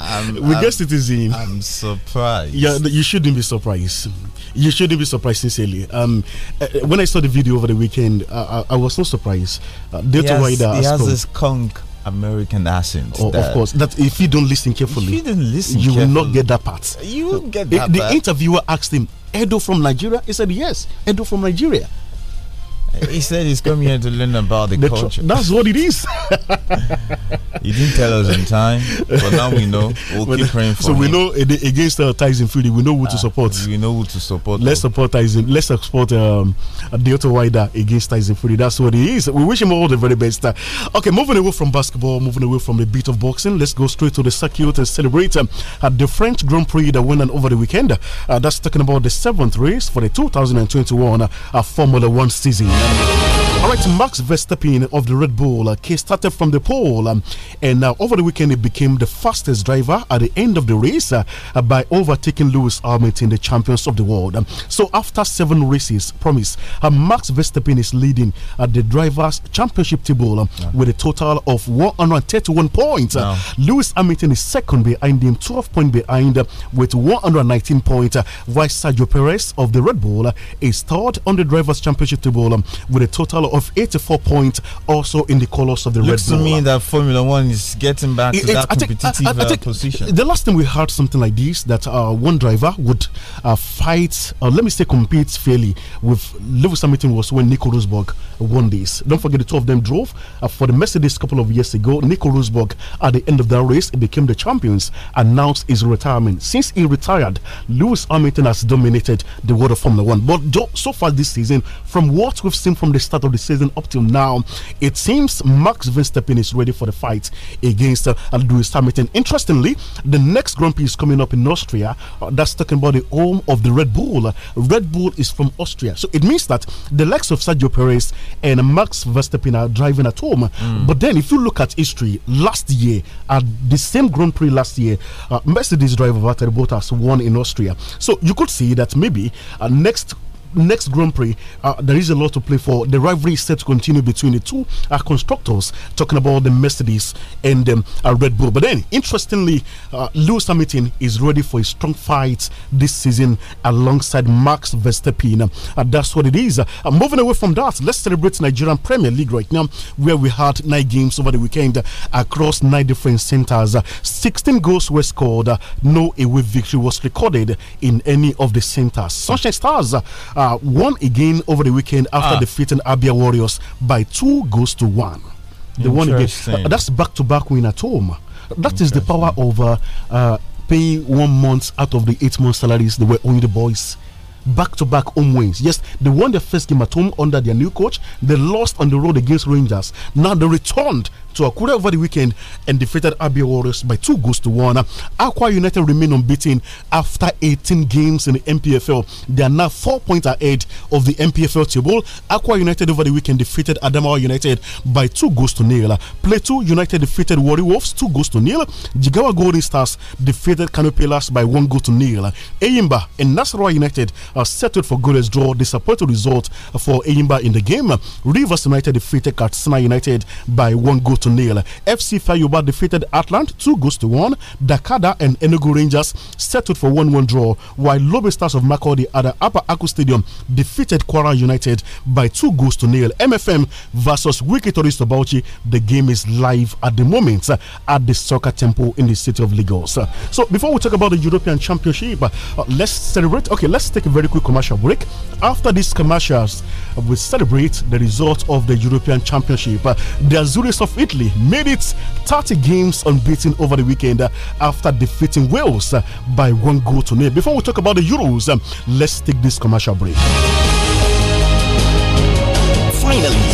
I'm, we guessed it is him. I'm surprised. Yeah, you shouldn't be surprised you shouldn't be surprised, sincerely. Um, uh, when I saw the video over the weekend, uh, I, I, was not surprised. Uh, He has, he has this conk American accent. Oh, of course, that if you don't listen carefully, you didn't listen. You carefully. will not get that part. You will get eh, that. the interviewer asked him, "Edo from Nigeria?" He said, "Yes, Edo from Nigeria." He said he's come here to learn about the, the culture. That's what it is. he didn't tell us in time, but now we know. We'll but keep praying for So him. we know against uh, Tyson Fury, we know who ah, to support. We know who to support. Let's support Tyson. Let's support um, other Wider against Tyson Fury. That's what he is. We wish him all the very best. Uh, okay, moving away from basketball, moving away from the beat of boxing, let's go straight to the circuit and celebrate um, at the French Grand Prix that went on over the weekend. Uh, that's talking about the seventh race for the 2021 uh, Formula One season. Thank you. All right, Max Verstappen of the Red Bull uh, started from the pole, um, and uh, over the weekend he became the fastest driver at the end of the race uh, by overtaking Lewis Hamilton, the champions of the world. Um, so after seven races, promise, uh, Max Verstappen is leading at uh, the drivers' championship table um, yeah. with a total of 131 points. Yeah. Uh, Lewis Hamilton is second behind him, 12 points behind uh, with 119 points. while Sergio Perez of the Red Bull is third on the drivers' championship table um, with a total of 84 points, also in the colours of the Looks Red Bull. to me that Formula One is getting back it, to that I competitive think, I, I, think position. The last time we heard something like this, that uh, one driver would uh, fight, uh, let me say, compete fairly with Lewis Hamilton was when Nico Rosberg won this. Don't forget the two of them drove uh, for the Mercedes a couple of years ago. Nico Rosberg, at the end of that race, became the champions, announced his retirement. Since he retired, Lewis Hamilton has dominated the world of Formula One. But so far this season, from what we've seen from the start of the season up till now. It seems Max Verstappen is ready for the fight against uh, Lewis Hamilton. Interestingly, the next Grand Prix is coming up in Austria. Uh, that's talking about the home of the Red Bull. Uh, Red Bull is from Austria, so it means that the likes of Sergio Perez and Max Verstappen are driving at home. Mm. But then, if you look at history, last year at the same Grand Prix last year, uh, Mercedes driver Valtteri Bottas won in Austria. So you could see that maybe uh, next next Grand Prix, uh, there is a lot to play for. The rivalry is set to continue between the two uh, constructors, talking about the Mercedes and um, uh, Red Bull. But then, interestingly, uh, Lewis Hamilton is ready for a strong fight this season alongside Max Verstappen. Uh, that's what it is. Uh, moving away from that, let's celebrate Nigerian Premier League right now, where we had nine games over the weekend uh, across nine different centers. 16 goals were scored. no away victory was recorded in any of the centers. Sunshine Stars. Uh, uh, won again over the weekend after ah. defeating Abia Warriors by two goals to one. They won again. Uh, that's back to back win at home. That is the power of uh, uh, paying one month out of the eight month salaries they were owing the boys back to back home wins. Yes, they won their first game at home under their new coach. They lost on the road against Rangers. Now they returned to Akure over the weekend and defeated Abbey Warriors by two goals to one. Aqua United remain unbeaten after 18 games in the MPFL. They are now four points ahead of the MPFL table. Aqua United over the weekend defeated Adamawa United by two goals to nil. Plateau United defeated Warri Wolves two goals to nil. Jigawa Golden Stars defeated Pillars by one goal to nil. Eyimba and Nasarawa United uh, settled for goalless draw. Disappointing result for Eimba in the game. Rivers United defeated Katsina United by one goal to nil. FC Fayoba defeated Atlant two goals to one. Dakada and Enugu Rangers settled for 1 1 draw, while Lobby Stars of Makodi at the Upper Aku Stadium defeated Quara United by two goals to nil. MFM versus Wikitoris Bauchi. The game is live at the moment at the Soccer Temple in the city of Lagos. So before we talk about the European Championship, uh, let's celebrate. Okay, let's take a very very quick commercial break. After these commercials, we celebrate the result of the European Championship. Uh, the Azuris of Italy made it 30 games unbeaten over the weekend uh, after defeating Wales uh, by one goal to nil. Before we talk about the Euros, um, let's take this commercial break. Finally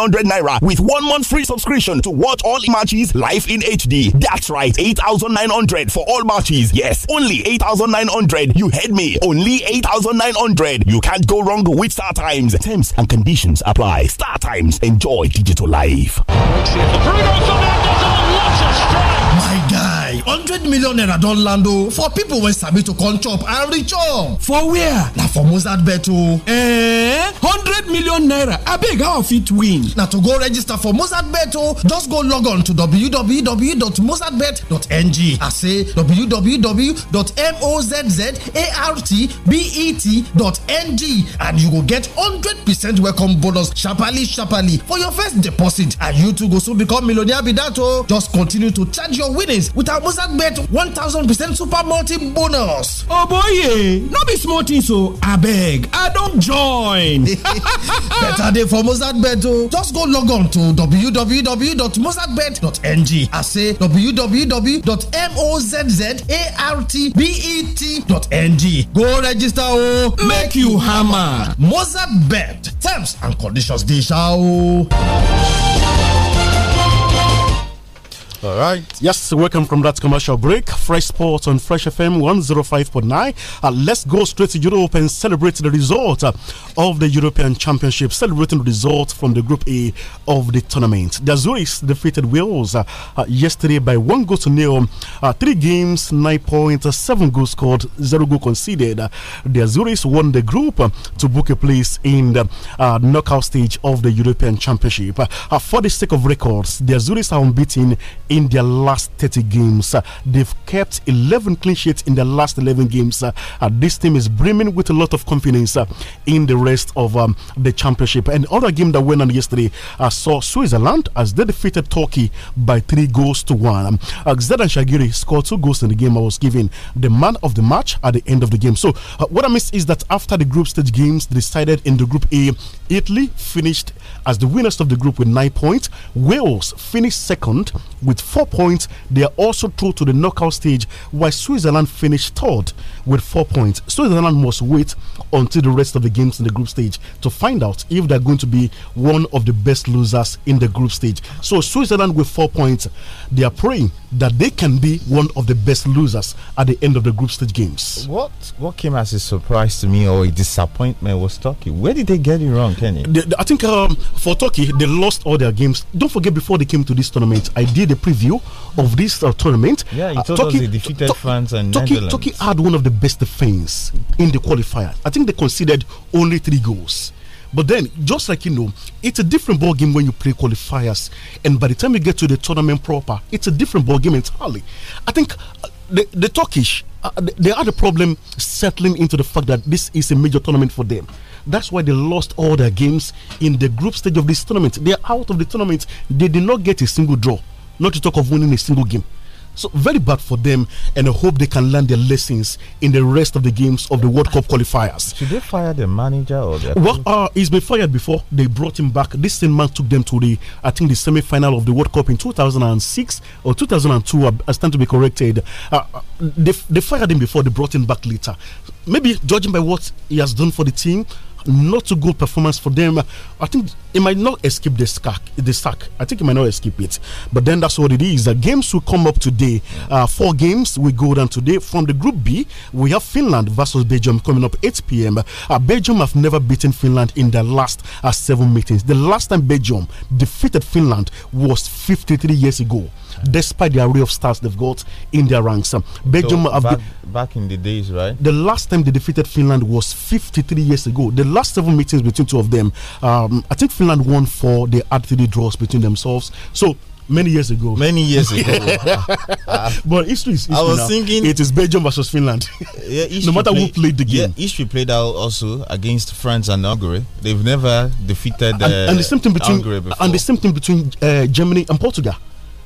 naira with one month free subscription to watch all matches live in HD. That's right, 8,900 for all matches. Yes, only 8,900. You heard me. Only 8,900. You can't go wrong with Star Times. Terms and conditions apply. Star Times. Enjoy digital life. like hundred million naira don land o for people wey sabi to come chop and reach up. for where? na for mozart beto o. Eh, hundred million naira abeg how i fit win? na to go register for mozart beto just go log on to www.mozartbet.ng as say www.mozzartbet.ng and you go get hundred percent welcome bonus sharparly sharparly for your first deposit and you too go soon become millionaire be that o. just continue to charge your winnings without samosa Bet one thousand percent super multi bonus. oh boy no be small so I beg, i don't join. better day for mozart bet o oh. just go log on to www.mozartbet.ng I say www.mozzartbet.ng go register oh. make you hammer mozart bet terms and conditions dey sha o. Oh. All right. Yes, welcome from that commercial break. Fresh Sports on Fresh FM 105.9. Uh, let's go straight to Europe and celebrate the result uh, of the European Championship, celebrating the result from the Group A of the tournament. The Azuris defeated Wales uh, uh, yesterday by one goal to nil. Uh, three games, nine points, uh, seven goals scored, zero goal conceded. the Azuris won the group to book a place in the knockout stage of the European Championship. for the sake of records, the Azuris are unbeaten in their last 30 games. Uh, they've kept 11 clean sheets in their last 11 games. Uh, uh, this team is brimming with a lot of confidence in the rest of um, the championship. And other game that went on yesterday saw Switzerland as they defeated Turkey by three goals to one. Um, Zedan Shagiri scored two goals in the game. I was given the man of the match at the end of the game. So what I missed is that after the group stage games decided in the group A, Italy finished as the winners of the group with nine points. Wales finished second with four points, they are also through to the knockout stage, while Switzerland finished third with four points. So Netherlands must wait until the rest of the games in the group stage to find out if they're going to be one of the best losers in the group stage. So Switzerland with four points, they are praying that they can be one of the best losers at the end of the group stage games. What what came as a surprise to me or a disappointment was Turkey. Where did they get it wrong, Kenny? The, I think um, for Turkey, they lost all their games. Don't forget, before they came to this tournament, I did a preview of this uh, tournament. Yeah, you uh, told uh, Turkey, us they defeated France and Turkey, Netherlands. Turkey had one of the the best defense in the qualifiers. I think they conceded only three goals. But then, just like you know, it's a different ball game when you play qualifiers, and by the time you get to the tournament proper, it's a different ball game entirely. I think uh, the, the Turkish uh, they had a problem settling into the fact that this is a major tournament for them. That's why they lost all their games in the group stage of this tournament. They are out of the tournament. They did not get a single draw, not to talk of winning a single game. So very bad for them, and I hope they can learn their lessons in the rest of the games of the World Cup qualifiers. Should they fire the manager or the? Well, uh, he's been fired before. They brought him back. This same man took them to the, I think, the semi-final of the World Cup in 2006 or 2002. I, I stand to be corrected. Uh, uh, they they fired him before. They brought him back later. Maybe judging by what he has done for the team, not a good performance for them. I think it might not escape the sack. The sack. I think it might not escape it. But then that's what it is. The games will come up today. Uh, four games we go down today. From the Group B, we have Finland versus Belgium coming up 8 p.m. Uh, Belgium have never beaten Finland in their last uh, seven meetings. The last time Belgium defeated Finland was 53 years ago despite the array of stars they've got in their ranks. Um, Belgium so back, back, in the days, right? The last time they defeated Finland was 53 years ago. The last seven meetings between two of them, um, I think Finland won four. They had three draws between themselves. So many years ago. Many years ago. Ah. but history is history I was now. thinking it is Belgium versus Finland. yeah, no matter who played the game. Yeah, history played out also against France and Hungary. They've never defeated uh, and, and, the uh, same thing between and the same thing between uh, Germany and Portugal.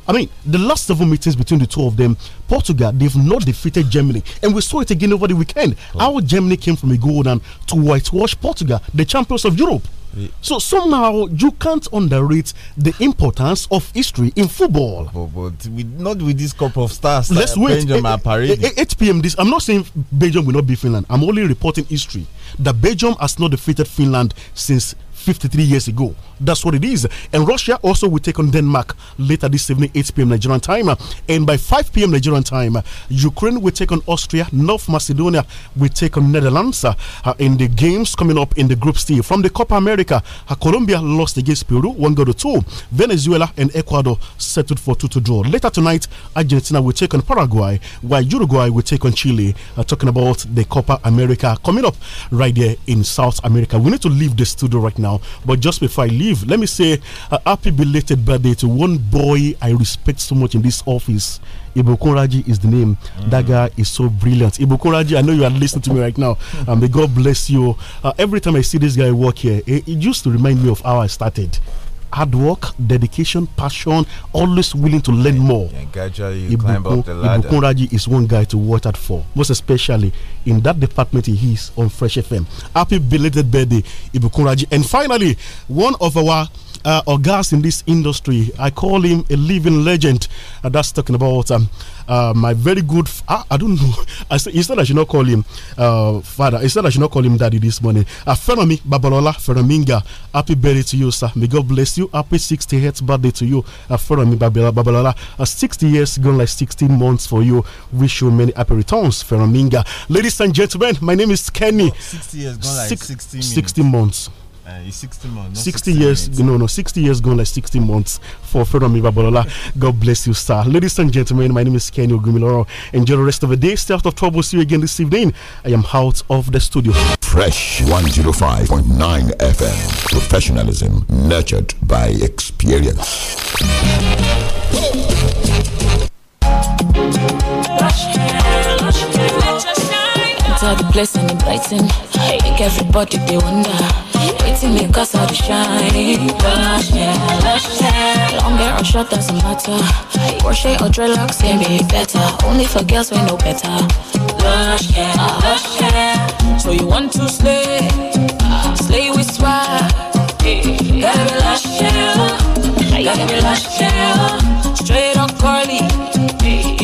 I mean, the last seven meetings between the two of them, Portugal, they've not defeated Germany. And we saw it again over the weekend. Oh. How Germany came from a goal down to whitewash Portugal, the champions of Europe. Yeah. So somehow you can't underrate the importance of history in football. But, but with, not with this cup of stars. Let's uh, wait. Belgium eh, eh, are eh, 8 p.m. This I'm not saying Belgium will not be Finland. I'm only reporting history that Belgium has not defeated Finland since 53 years ago. That's what it is. And Russia also will take on Denmark later this evening, 8 p.m. Nigerian time. And by 5 p.m. Nigerian time, Ukraine will take on Austria. North Macedonia will take on Netherlands uh, in the games coming up in the Group C. From the Copa America, uh, Colombia lost against Peru, 1 goal to 2. Venezuela and Ecuador settled for 2 to draw. Later tonight, Argentina will take on Paraguay, while Uruguay will take on Chile. Uh, talking about the Copa America coming up right there in South America. We need to leave the studio right now now. But just before I leave, let me say a uh, happy belated birthday to one boy I respect so much in this office. Ibokoraji is the name. Mm. That guy is so brilliant. Ibokoraji, I know you are listening to me right now. Um, may God bless you. Uh, every time I see this guy walk here, it, it used to remind me of how I started hard work, dedication, passion, always willing to learn more. Engaja, you Ibukun, climb up the ladder. Raji is one guy to watch out for, most especially in that department he is on Fresh FM. Happy belated birthday, Ibukun Raji. And finally, one of our uh, or gas in this industry. I call him a living legend. Uh, that's talking about um, uh, my very good. I, ah, I don't know. I say, instead, I should not call him uh, father. Instead, I should not call him daddy this morning. Uh, me, Babalola Feraminga. Happy birthday to you, sir. May God bless you. Happy 68th birthday to you, uh, me, Babalola. Uh, 60 years gone like 16 months for you. Wish you many happy returns, Feraminga. Ladies and gentlemen, my name is Kenny. Oh, 60 years gone like 16, 16 months. Eh, 60 months. 60, 60 years, minutes. no, no, 60 years gone, like 60 months for Fedor Balola. God bless you, sir. Ladies and gentlemen, my name is Kenny Ogumiloro. Enjoy the rest of the day. Stay out of trouble. See you again this evening. I am out of the studio. Fresh 105.9 FM. Professionalism nurtured by experience all the blessing and blighting. Make everybody they wonder. Waiting me cause all the shine. Lush hair, lush hair. Long hair or short doesn't matter. Crochet or dreadlocks can be better. Only for girls we know better. Lush hair, lush hair. So you want to slay? Ah, slay with swag. Gotta be lush hair. Gotta be lush hair. Straight or curly.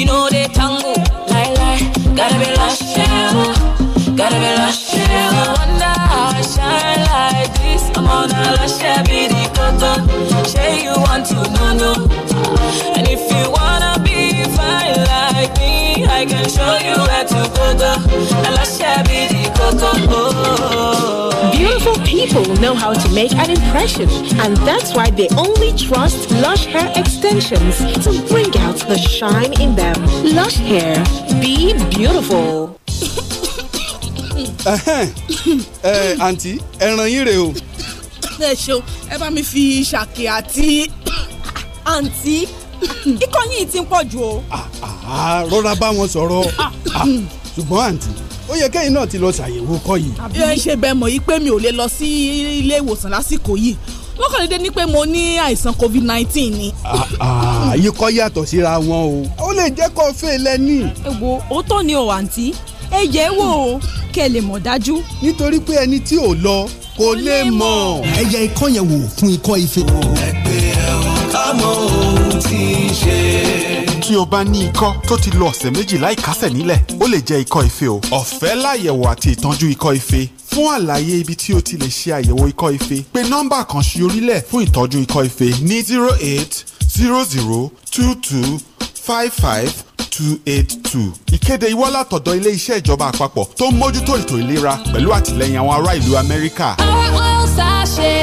on, i be the coco. you want to know, no. And if you wanna be fine like me, I can show you where to go, go. be the coco. Beautiful people know how to make an impression, and that's why they only trust Lush Hair Extensions to bring out the shine in them. Lush Hair, be beautiful. ẹ̀hẹ́n ẹ̀ àǹtí ẹ ṣeun ẹ bá mi fi ṣàkè àti àǹtí ikọ́ yìí ti ń pọ̀ jù o. Ah, ah, ah, rọra bá wọn sọ̀rọ̀ ṣùgbọ́n àǹtí ó yẹ kẹ́yìn náà ti lọ ṣàyẹ̀wò kọ́ yìí. ẹ ṣe bẹ́ẹ̀ mọ̀ yìí pé mi ò lè lọ sí ilé ìwòsàn lásìkò yìí wọ́n kàn pé mo ní àìsàn covid nineteen ni. àyíkọ́ yàtọ̀ síra wọn o ó lè jẹ́ kó fèlè ní. ẹ wo òótọ́ ni o àǹtí ẹ yẹ̀ wò ó kẹ́ ẹ lè mọ̀ dájú. nítorí pé ẹni tí ò lọ kò lè mọ̀. ẹ ikọ́ yẹn wò fún ikọ́ ife. ẹ pé mọ ohun tí ń ṣe tí o bá ní ikọ́ tó ti lo ọ̀sẹ̀ méjì láìkásẹ̀ nílẹ̀ ó lè jẹ́ ikọ́ ife o. ọ̀fẹ́ láyẹ̀wò àti ìtọ́jú ikọ́ ife fún àlàyé ibi tí o ti lè ṣe àyẹ̀wò ikọ́ ife pe nọ́mbà kan sí orílẹ̀ fún ìtọ́jú ikọ́ ife ní zero eight zero zero two two five five two eight two. ìkéde ìwọ́lá tọ̀dọ̀ ilé-iṣẹ́ ìjọba àpapọ̀ tó ń mójútó ètò ìlera pẹ̀lú àtìlẹ́yìn àwọn ará ìlú Amẹ́ríkà. àwa ó ṣe é.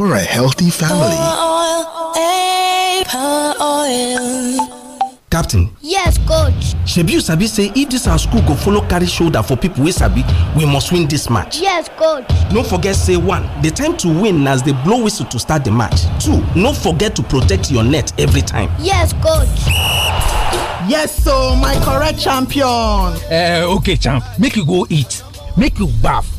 for a healthy family. Oil, oil, captain yes coach shebi you sabi say if this our school go follow carry shoulder for people. We sabi we must win this match yes coach no forget say one The time to win as they blow whistle to start the match two no forget to protect your net every time yes coach yes so my correct champion Uh, okay champ make you go eat make you bath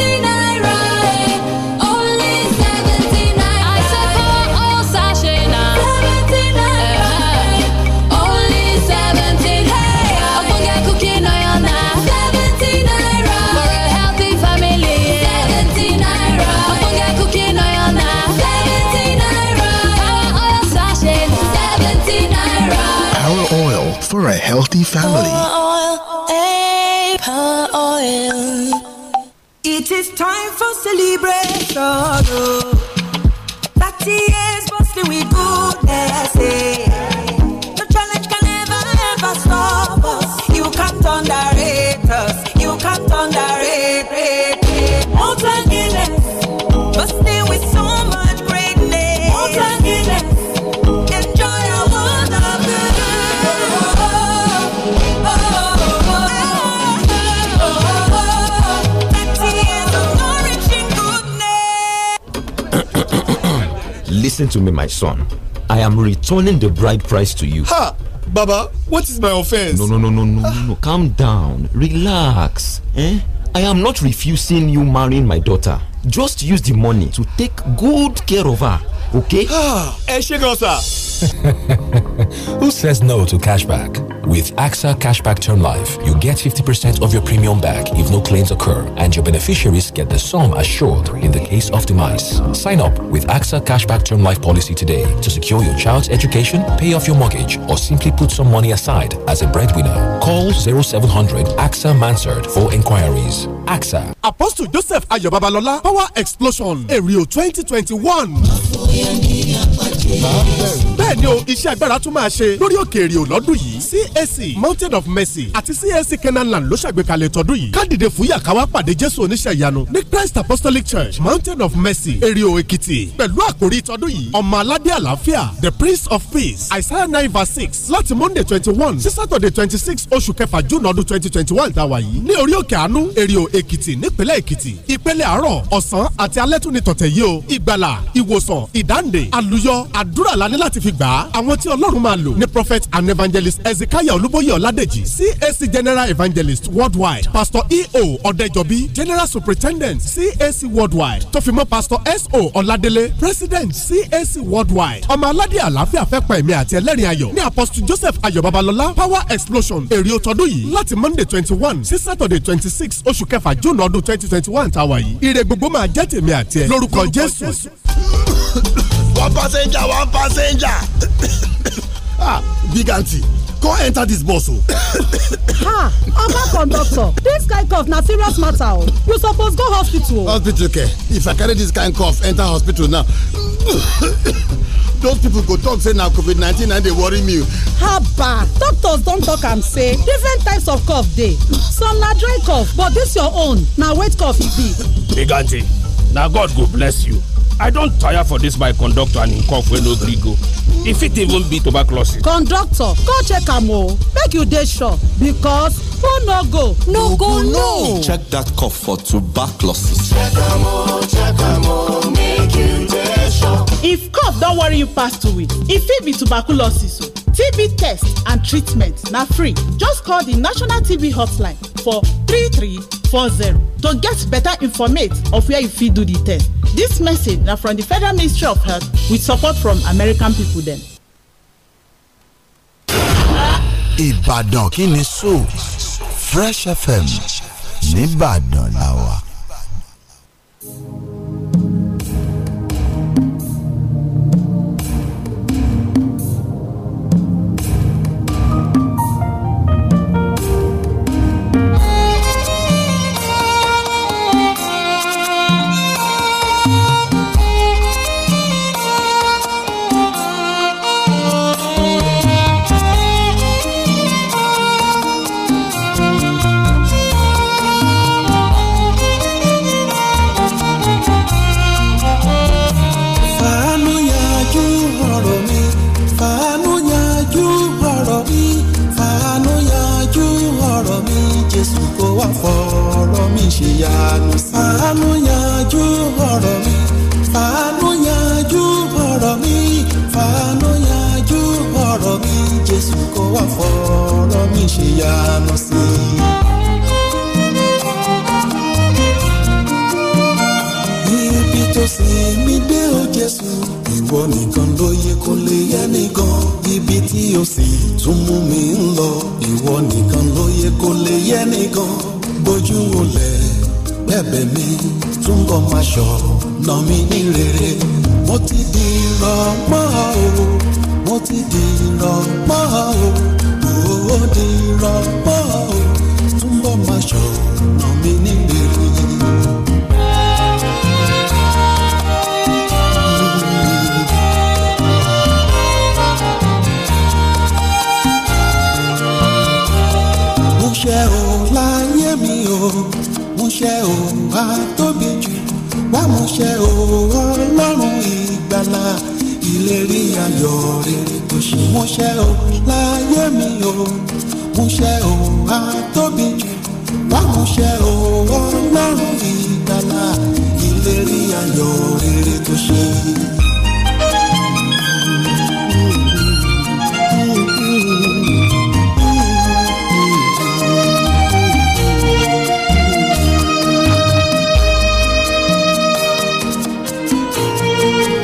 healthy family. It is time for celebration. 30 years bustling with goodness. Eh. Listen to me, my son. I am returning the bride price to you. Ha! Baba, what is my offense? No, no, no, no, no, no, Calm down. Relax. Eh? I am not refusing you marrying my daughter. Just use the money to take good care of her. Okay? ẹ ṣe gan Who says no to cashback? With AXA Cashback Term Life, you get 50% of your premium back if no claims occur, and your beneficiaries get the sum assured in the case of demise. Sign up with AXA Cashback Term Life policy today to secure your child's education, pay off your mortgage, or simply put some money aside as a breadwinner. Call 0700 AXA Mansard for inquiries. AXA. Apostle Joseph Ayobabalola Power Explosion, Aerial 2021. bẹ́ẹ̀ni o iṣẹ́ agbára tún máa ṣe lórí òkè èrè òlọ́dún yìí CAC Mountain of Mercy àti CAC Canaanland ló ṣàgbékalẹ̀ tọdún yìí kádìdè fúyà káwá pàdé Jésù oníṣẹ́ ìyanu ní Christ Apostolic Church Mountain of Mercy èrè o Èkìtì pẹ̀lú àkórí tọdún yìí ọmọ aládé àlàáfíà the Prince of Peace Isaiah nine verse six láti Monday twenty one sí Saturday twenty six oṣù kẹfà June ọdún twenty twenty one tá a wà yìí ní orí òkè àánú èrè o Èkìtì nípínlẹ̀ Èkìtì ìpínlẹ̀ àárọ̀ ọ̀sán àti alẹ́ tún ni tọ̀tẹ̀ yìí o ìgbàlà ìwòsàn ìdáǹdè àlùyọ àbáyọ àdúrà la ní láti fi gbà á àwọn tí ọlọ́run máa lò ní prophet and evangelist ezekiah olúbóyè ọládèjì cac general evangelist worldwide pastor eo ọ̀dẹ́jọ́bí general superintendent cac worldwide tó fi pastor so ọládélé president cac worldwide ọmọ aládé àlàáfíà fẹ́ pa ẹ̀mí àti ẹlẹ́rìn ayọ̀ ní apostle joseph ayọ̀ babalọ́lá power explosion èrè òtọ́dún yìí láti monday twenty one sí saturday twenty six oṣù kẹfà june ọdún twenty twenty one tàwa yìí ire gbogbo máa jẹ́ tèmi àti ẹ lórúkọ jésù one passenger one passenger ah big aunty come enter this bus o. ah oga conductor dis kain cough na serious matter o you suppose go hospital. hospital care if i carry dis kain cough enter hospital now those people go talk say na covid nineteen na dey worry me. haba doctors don talk am say different types of cough dey some na dry cough but dis your own na wet cough e be. big aunty na god go bless you i don tire for this my conductor and him cough wey no gree go e fit even be tuberculosis conductor go check am o make you dey sure because phone no go no go no check dat cough for tuberculosis check am o check am o make you dey sure if cough don worry you pass two weeks e fit be tuberculosis o TB test and treatment na free. Just call the National TB Hotline for 33 40 to get better informate of where you fit do di test. Dis message na from the Federal Ministry of Health with support from American people. dem. Ìbàdàn kí ni so Fresh FM nìbàdàn làwà. ìwọ nìkan ló yẹ kó lè yẹnìkan ibi tí o sì tún mú mi ń lọ ìwọ nìkan ló yẹ kó lè yẹnìkan bójú olẹ̀ bẹ̀bẹ̀ mi túnbọ̀ máa ṣọ̀ nà mí ní rere mo ti di rọpọ́ o mo ti di rọpọ́ o mo di rọpọ́ o. múṣẹ́ o wá tóbi jù wá múṣẹ́ o ọlọ́run ìgbàlà ìlérí ayọ̀ rere kò ṣe múṣẹ́ o láyé mi o múṣẹ́ o wá tóbi jù wá múṣẹ́ o ọlọ́run ìgbàlà ìlérí ayọ̀ rere kò ṣe.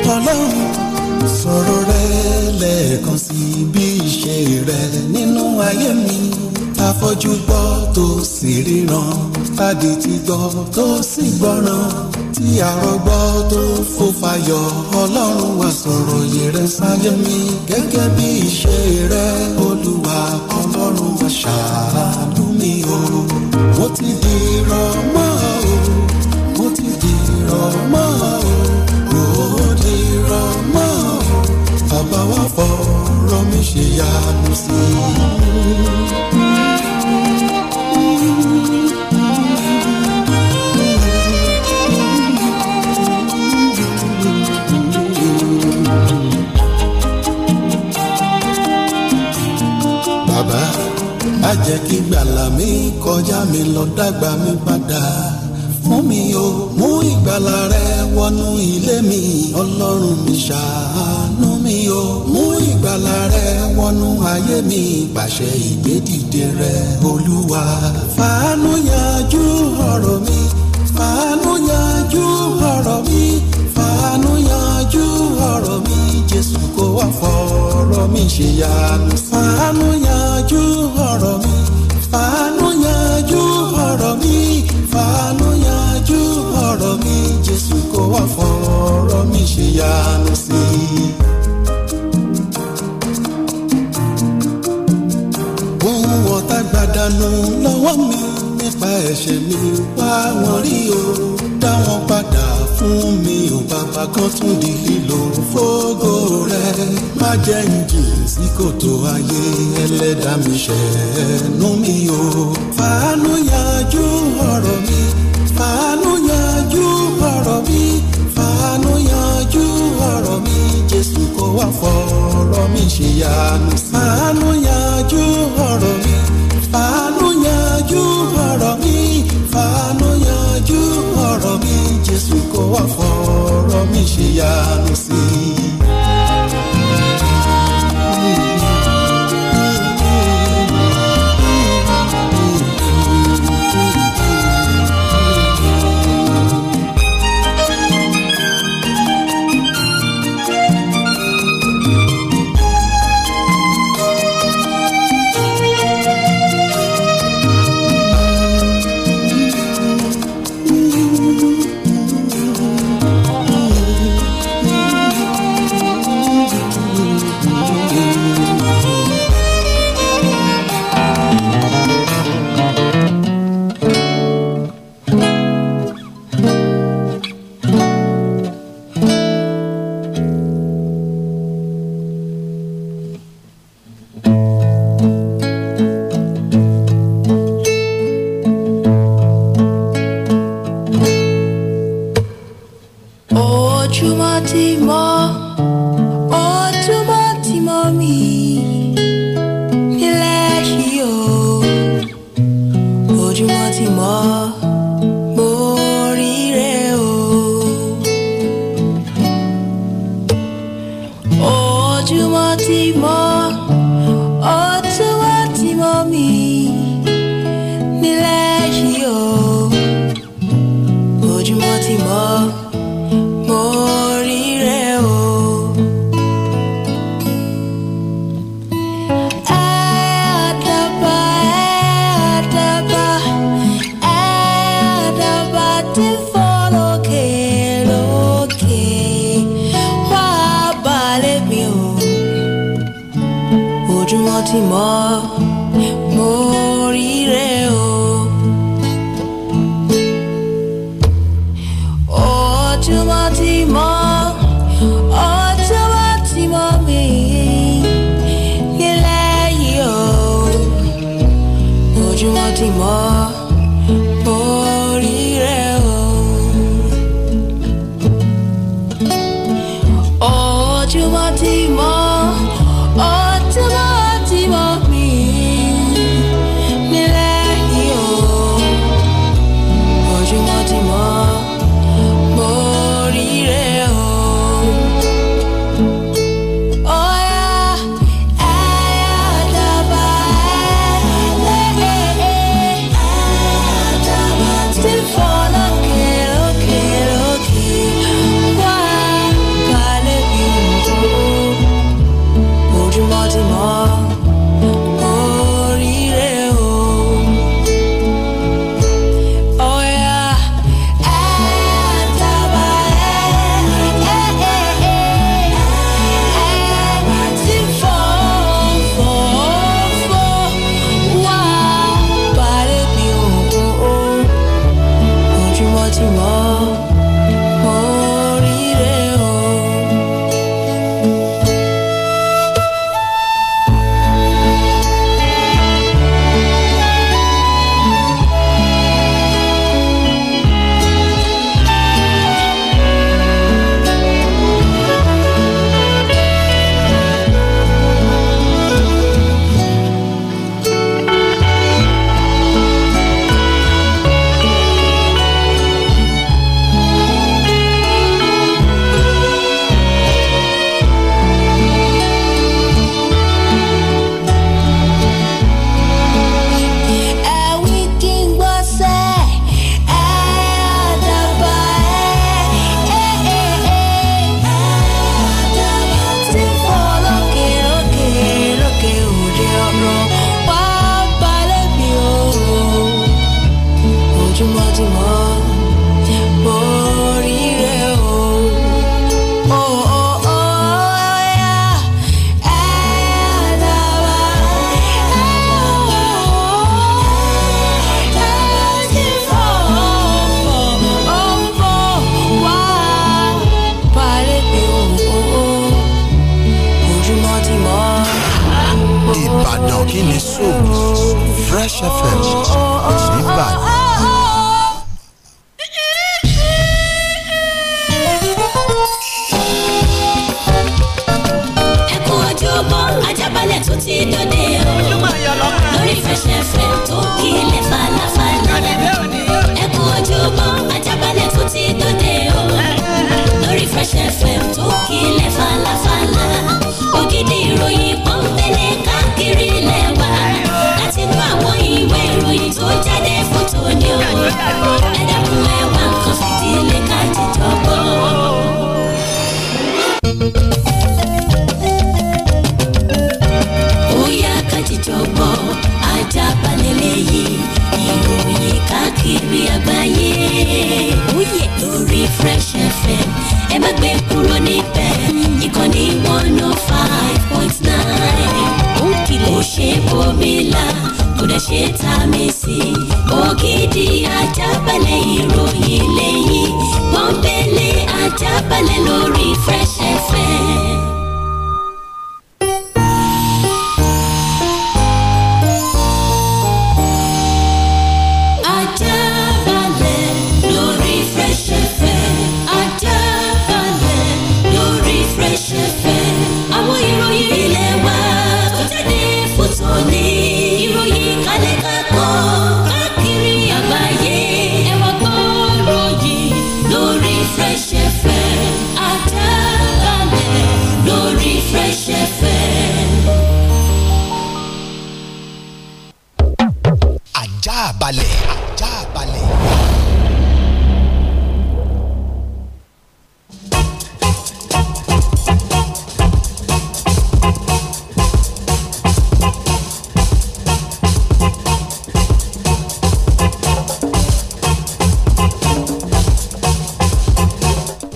tọ́lọ́run sọ̀rọ̀ rẹ lẹ́ẹ̀kan sí bí ìṣe rẹ nínú ayé mi afọ́jú gbọ́ tó sì ríran adití gbọ́ tó sì gbọ́ràn tí àrọ́gbọ́ tó fò fayọ̀ ọlọ́run wá sọ̀rọ̀ yẹrẹ sáyé mi gẹ́gẹ́ bí ìṣe rẹ olúwa ọlọ́run wá ṣàánú mi o mo ti dìrọ̀. bàbá aje kí gbàlà mi kọjá mi lọ dàgbà mi padà. fún mi o mú ìgbàlà rẹ wọnú ilé mi ọlọ́run mi ṣàánú mi o mú ìgbàlà rẹ wọnú ayé mi pàṣẹ ìgbédìde rẹ olúwa fàánú yanjú ọ̀rọ̀ mi fàánú yanjú ọ̀rọ̀ mi fàánú yanjú ọ̀rọ̀ mi jésù kó wá fọ̀rọ̀ mi ṣe yanu fàánú yanjú ọ̀rọ̀ mi fàánú. mi Jésù kó wá fún ọ̀rọ̀ mi ṣe yanu sí i. Ohun ọ̀tá gbàdánù lọ́wọ́ mi nípa ẹ̀ṣẹ̀ mi wá wọn rí o dá wọn padà fún mi ò bàbá kan tún di lílo fógo rẹ má jẹ́ ń jìn sí kòtò ayé ẹlẹ́dàá mi ṣẹ̀ẹ́nu mi o fàánú yájú. wá fọ̀rọ̀ mi ṣèyanu. fàánú yanjú ọ̀rọ̀ mi fàánú yanjú ọ̀rọ̀ mi fàánú yanjú ọ̀rọ̀ mi jésù kó wá fọ̀rọ̀ mi ṣèyanu sí cuma timah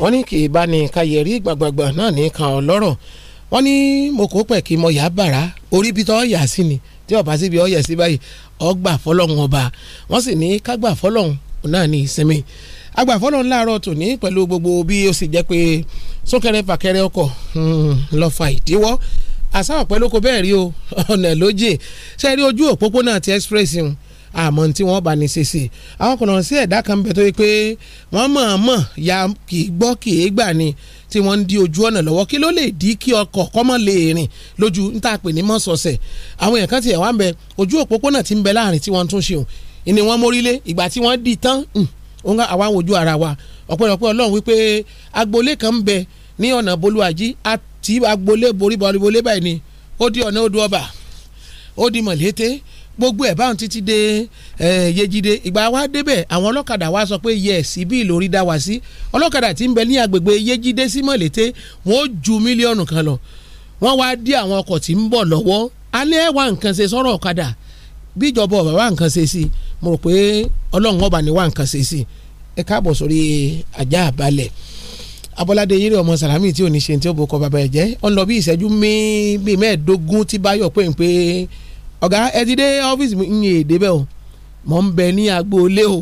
wọ́n ní kì í bá ní káyẹ̀rí gbàgbàgbà náà ní kan ọlọ́rọ̀ wọ́n ní mo kó pẹ̀ kí mo yà á bàrà orí bí tọ́ yà sí ni tí ọ̀bá síbi ọ̀yẹ̀ sí báyìí ọgbà fọlọ́hún ọba wọ́n sì ní kágbà fọlọ́hún náà ní ìsinmi agbà fọlọ́hún láàárọ̀ tòní pẹ̀lú gbogbo bí ó sì jẹ́ pé súnkẹrẹ fàkẹrẹ ọkọ̀ hmm, ló fa ìdíwọ́ àsáwọ̀ pẹ́ lóko bẹ́ẹ̀ rí o ọ̀nà lójì ṣe rí ojú òpópónà ti express yìí àmọ́ tí wọ́n bá ní ṣèṣe àwọn kùnà sí ẹ̀dá kan bẹ̀ tó yẹ pé wọ́n mọ̀ọ́mọ̀ ya kì í gbọ́ kì í gbà ni tí wọ́n ń di ojú ọ̀nà lọ́wọ́ kí ló lè di kí ọkọ̀ kọ́mọ lè rìn lójú ń tà pé ní mọ́sọ̀ọ̀sẹ̀ àwọn èèyàn kan ti ẹ̀ wá ń bẹ ojú òpópónà ti ń bẹ láàrin tí wọ́n tún ṣe òun ìní wọ́n mórílé ìgbà tí wọ́n dì tán òun àwa wojú ara wa ọ̀pọ̀lọpọ̀ ọlọ́run wípé agboolé kan ń bẹ ní ọ̀nà bolúwàjí àti agboolé borí borí báyìí ni ó di ọ̀nà odò ọba ó di mọ̀lété gbogbo ẹ̀ báwọn títí dé Yejide ìgbà wa débẹ̀ àwọn ọlọ́kadà wa sọ pé yes ibi ìlórí dá wa sí ọlọ́kadà tí ń bẹ ní agbègbè Yejide sí Mọ̀lété wọ́n ó ju mílíọ̀nù kan lọ wọ́n wá dí àwọn ọkọ̀ tí ń bọ̀ lọ́wọ́ alẹ́ wa nǹkan ṣe sọ́rọ̀ ọ̀kadà bí ìjọba ọ̀bà wa nǹkan ṣe sí mo rò pé ọlọ́run ọba ni wa nǹkan ṣe sí ẹ káàbọ̀ sórí ajá àbálẹ̀ Abọ́ládé yìí ọmọ Sàlámì tí ò ní ṣe tí ó bó kọ bàbá ẹ̀ jẹ́ ọ̀n lọ bí ìṣẹ́jú mi bíi mẹ́ẹ̀ẹ́dógún tí Báyọ̀ pé ń pé ọ̀gá ẹ ti dé ọ́fíìsì mi ń yè débẹ̀ o mọ̀ ń bẹ ní agboolé o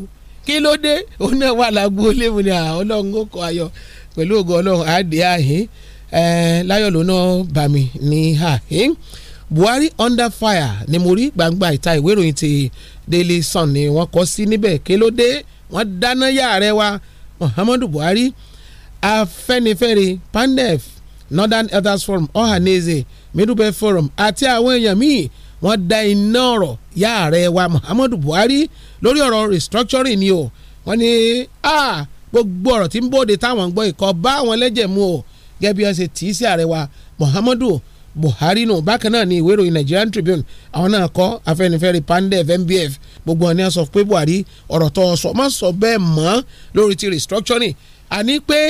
kí ló dé òun náà wà lágboolé mu ni ọlọ́run ó kọ ayọ̀ pẹ̀lú ògo ọlọ́run àdé àhín láyọ̀ lónà bàmí ní àhín Buhari under fire ni mo rí gbangba ìta ìwé ìròyìn ti Daily Sun ni wọ́n kọ sí níbẹ̀ kí ló dé wọ́n dáná yá ààrẹ wa Muhammadu Buhari Afẹ́nifẹ́re PANDEF Northern Elders Forum Ohanaeze Middle Belt Forum àti àwọn èèyàn míì wọ́n dá iná ọ̀rọ̀ ya ààrẹ wa Muhammadu Buhari lórí ọ̀rọ̀ restructuring ni o wọ́n ní gbogbo ọ̀rọ̀ tí ń bóde táwọn ń gbọ́ ìkọ́ bá àwọn lẹ́jẹ̀ mu o gẹ́gẹ́ bí wọ́n ṣe tì í sí ààrẹ wa Muhammadu Buhari nù bákan náà ni ìwé ìròyìn Nigerian Tribune àwọn náà kọ Afẹ́nifẹ́re Pandef MBF gbogbo wọn ni wọ́n sọ pé Buhari ọ̀rọ̀ tó sọ má sọ bẹ́ẹ̀ mọ́ lórí ti restructuring àní pé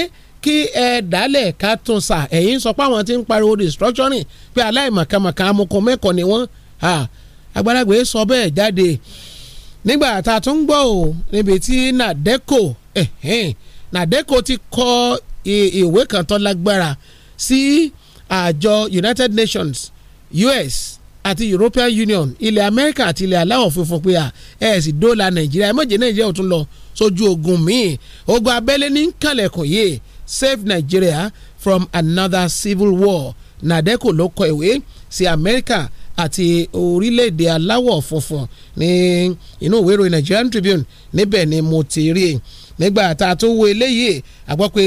kí ẹ dálẹ̀ ká tún sà ẹ̀yìn sọ pé àwọn ti ń pariwo restructuring pé aláìmọ̀kàmọ̀kà amukùn mẹ́kọ̀ọ́ ni wọ́n àgbàlagbà sọ bẹ́ẹ̀ jáde nígbà tá a tún gbọ́ ò níbi tí nàdẹ́kò nàdẹ́kò ti kọ ìwé kan tó lágbára sí àjọ United Nations US àti European Union ilẹ̀ America, àti ilẹ̀ aláwọ̀ funfun pé à ẹ̀ sì dóòlà Nàìjíríà ẹ̀ mọ̀jẹ̀ Nàìjíríà ò tún lọ sójú ogun míì ogun abẹ́lé ní kànlẹ̀kùn yìí save Nigeria from another civil war nàdẹ́kò ló kọ ìwé sí Amẹ́ríkà àti orílẹ̀-èdè aláwọ̀ funfun ní inú ìwé ìròyìn Nigerian Tribune níbẹ̀ ni mo ti rí i nígbà tá a tún wo eléyìí a gbọ́ pé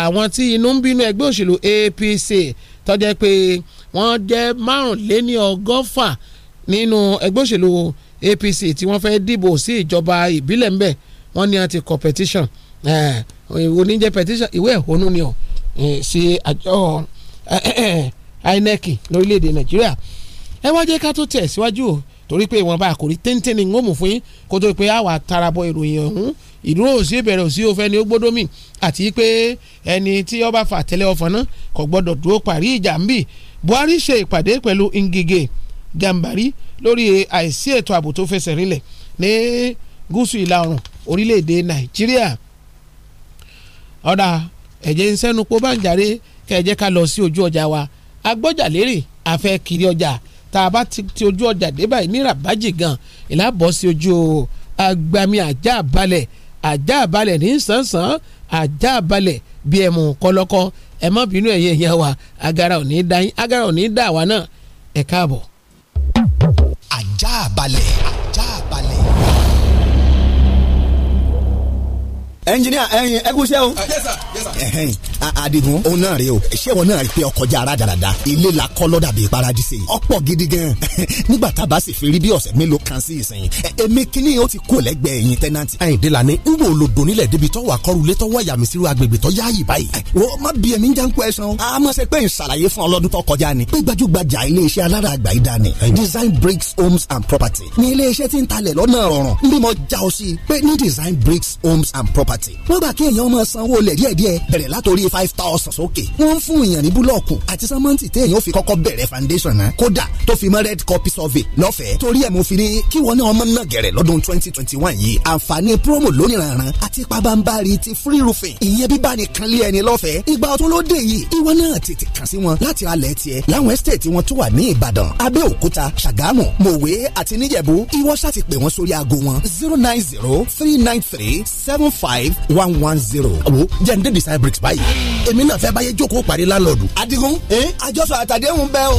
àwọn tí inú ń bínú ẹgbẹ́ òṣèlú APC tó jẹ́ pé wọ́n jẹ́ márùnléní ọgọ́fà nínú ẹgbẹ́ òṣèlú APC tí wọ́n fẹ́ dìbò sí ìjọba ìbílẹ̀ ńbẹ̀ wọ́n ní àti kọ petition oníjẹ petition ìwé ẹ̀hónú ni ọ̀ sí àjọ INEC lórílẹ̀‐èdè Nàìjíríà ẹ wá jẹ́ ká tó tẹ̀ síwájú o torí pé ìwọ̀nba àkòrí téńté ni ń gòmù fún yín kó tó pé àwa tarabọ ìròyìn ọ̀hún ìdúró òsì bẹ̀rẹ̀ òsì òfẹ́ ni ó gbódó mì àti pé ẹni tí ó fà tẹ́lẹ̀ ọ̀fọ̀ náà kò gbọ́dọ̀ dúró parí ìjà ń bì Buhari ṣe ìpàdé pẹ̀lú Ngige Gambari lórí àìsí ètò ààbò tó fẹsẹ̀ rinlẹ̀ ní gúúsù ìlà oòrùn orílẹ̀-èdè Nàìjíríà ọ̀dà ẹ̀jẹ̀ ń sẹ́nu pọ̀ bá ń jàre kẹ̀jẹ̀ ká lọ sí ojú ọjà wa agbọ́jà lérè àfẹ́ kiri ọjà tá a bá ti ojú ọjà dé báyìí ní rabaji gan ìlà bọ́ sí ojú agbami ajá balẹ̀ ajá balẹ̀ ní sánsan ajá balẹ̀ bí ẹ̀mú kọlọ́kọ́ ẹ má bínú ẹ̀yẹ ẹ̀yẹ wa agara ò ní dá agara ò ní dá wa náà ẹ̀ káàbọ̀. ajá balẹ̀. ẹnjiníà ẹyin ẹgúnṣẹ́ o. adigun òun náà rèé o ṣé wọn náà rí pé ọkọjá ara dáradá ilé la kọ́ lọ́dà bíi paradise ọ̀pọ̀ gidi gan nígbà tá a bá sì fi rí bí ọ̀sẹ̀ mélòó kan sí ìsìn èmi kínní ó ti kú lẹ́gbẹ̀ẹ́ yín tẹ́nanti. Àyìndé la ní n wo lo donílẹ̀ débi tọ́wọ́ akọ́rùlé tọ́wọ́ yàmísírù agbègbè tọ́ yá yìí báyìí. wọ́n má bí ẹ̀mí ń ń kó ẹ̀sán. a máa ṣe pé ń ṣàlàyé fún ọlọ́dún tó kọjá ni. pé gbajúgbajà iléeṣẹ́ alára àgbà yìí dání. Design Bricks Homes and Property ni iléeṣẹ́ tí ń talẹ̀ lọ́nà ọ̀rọ̀ n bí mo já Design Bricks Homes and Property property wọ́n gbà kí èèyàn máa sanwó lẹ̀ díẹ̀díẹ̀ bẹ̀rẹ̀ látòrí five thousand sókè wọ́n ń fún èèyàn ní búlọ́ọ̀kù àti sẹ́mọ́ǹtì téèyàn ó fi kọ́kọ́ bẹ̀rẹ̀ foundation náà kódà tó fi mọ́ red copy survey lọ́fẹ̀ẹ́ torí ẹ̀ mo fi ní kí wọ́n ní ọmọ náà gẹ̀rẹ̀ lọ́dún twenty twenty one yìí àǹfààní promo lóníranran àti pabambari ti free roofing ìyẹn bíbá ni kan lé ẹni lọ́fẹ̀ẹ́ ìgbà ọ̀tún ló dé yìí ìwọ náà tètè kàn sí wọn láti alẹ̀ tiẹ̀ láwọn estate wọn tó wà ní Ìbàdàn Abẹ́òkúta Ṣàgámù Mòwe àti níjẹ̀bú ìwọ ṣá ti pè wọ́n zero nine zero three nine three seven five five one one zero. wo jẹ́ǹde design bricks báyìí èmi náà fẹ́ báyé jókòó parí lálọ́ọ̀dù. adigun ẹ àjọsọ àtàdéhùn bẹ́ẹ̀ o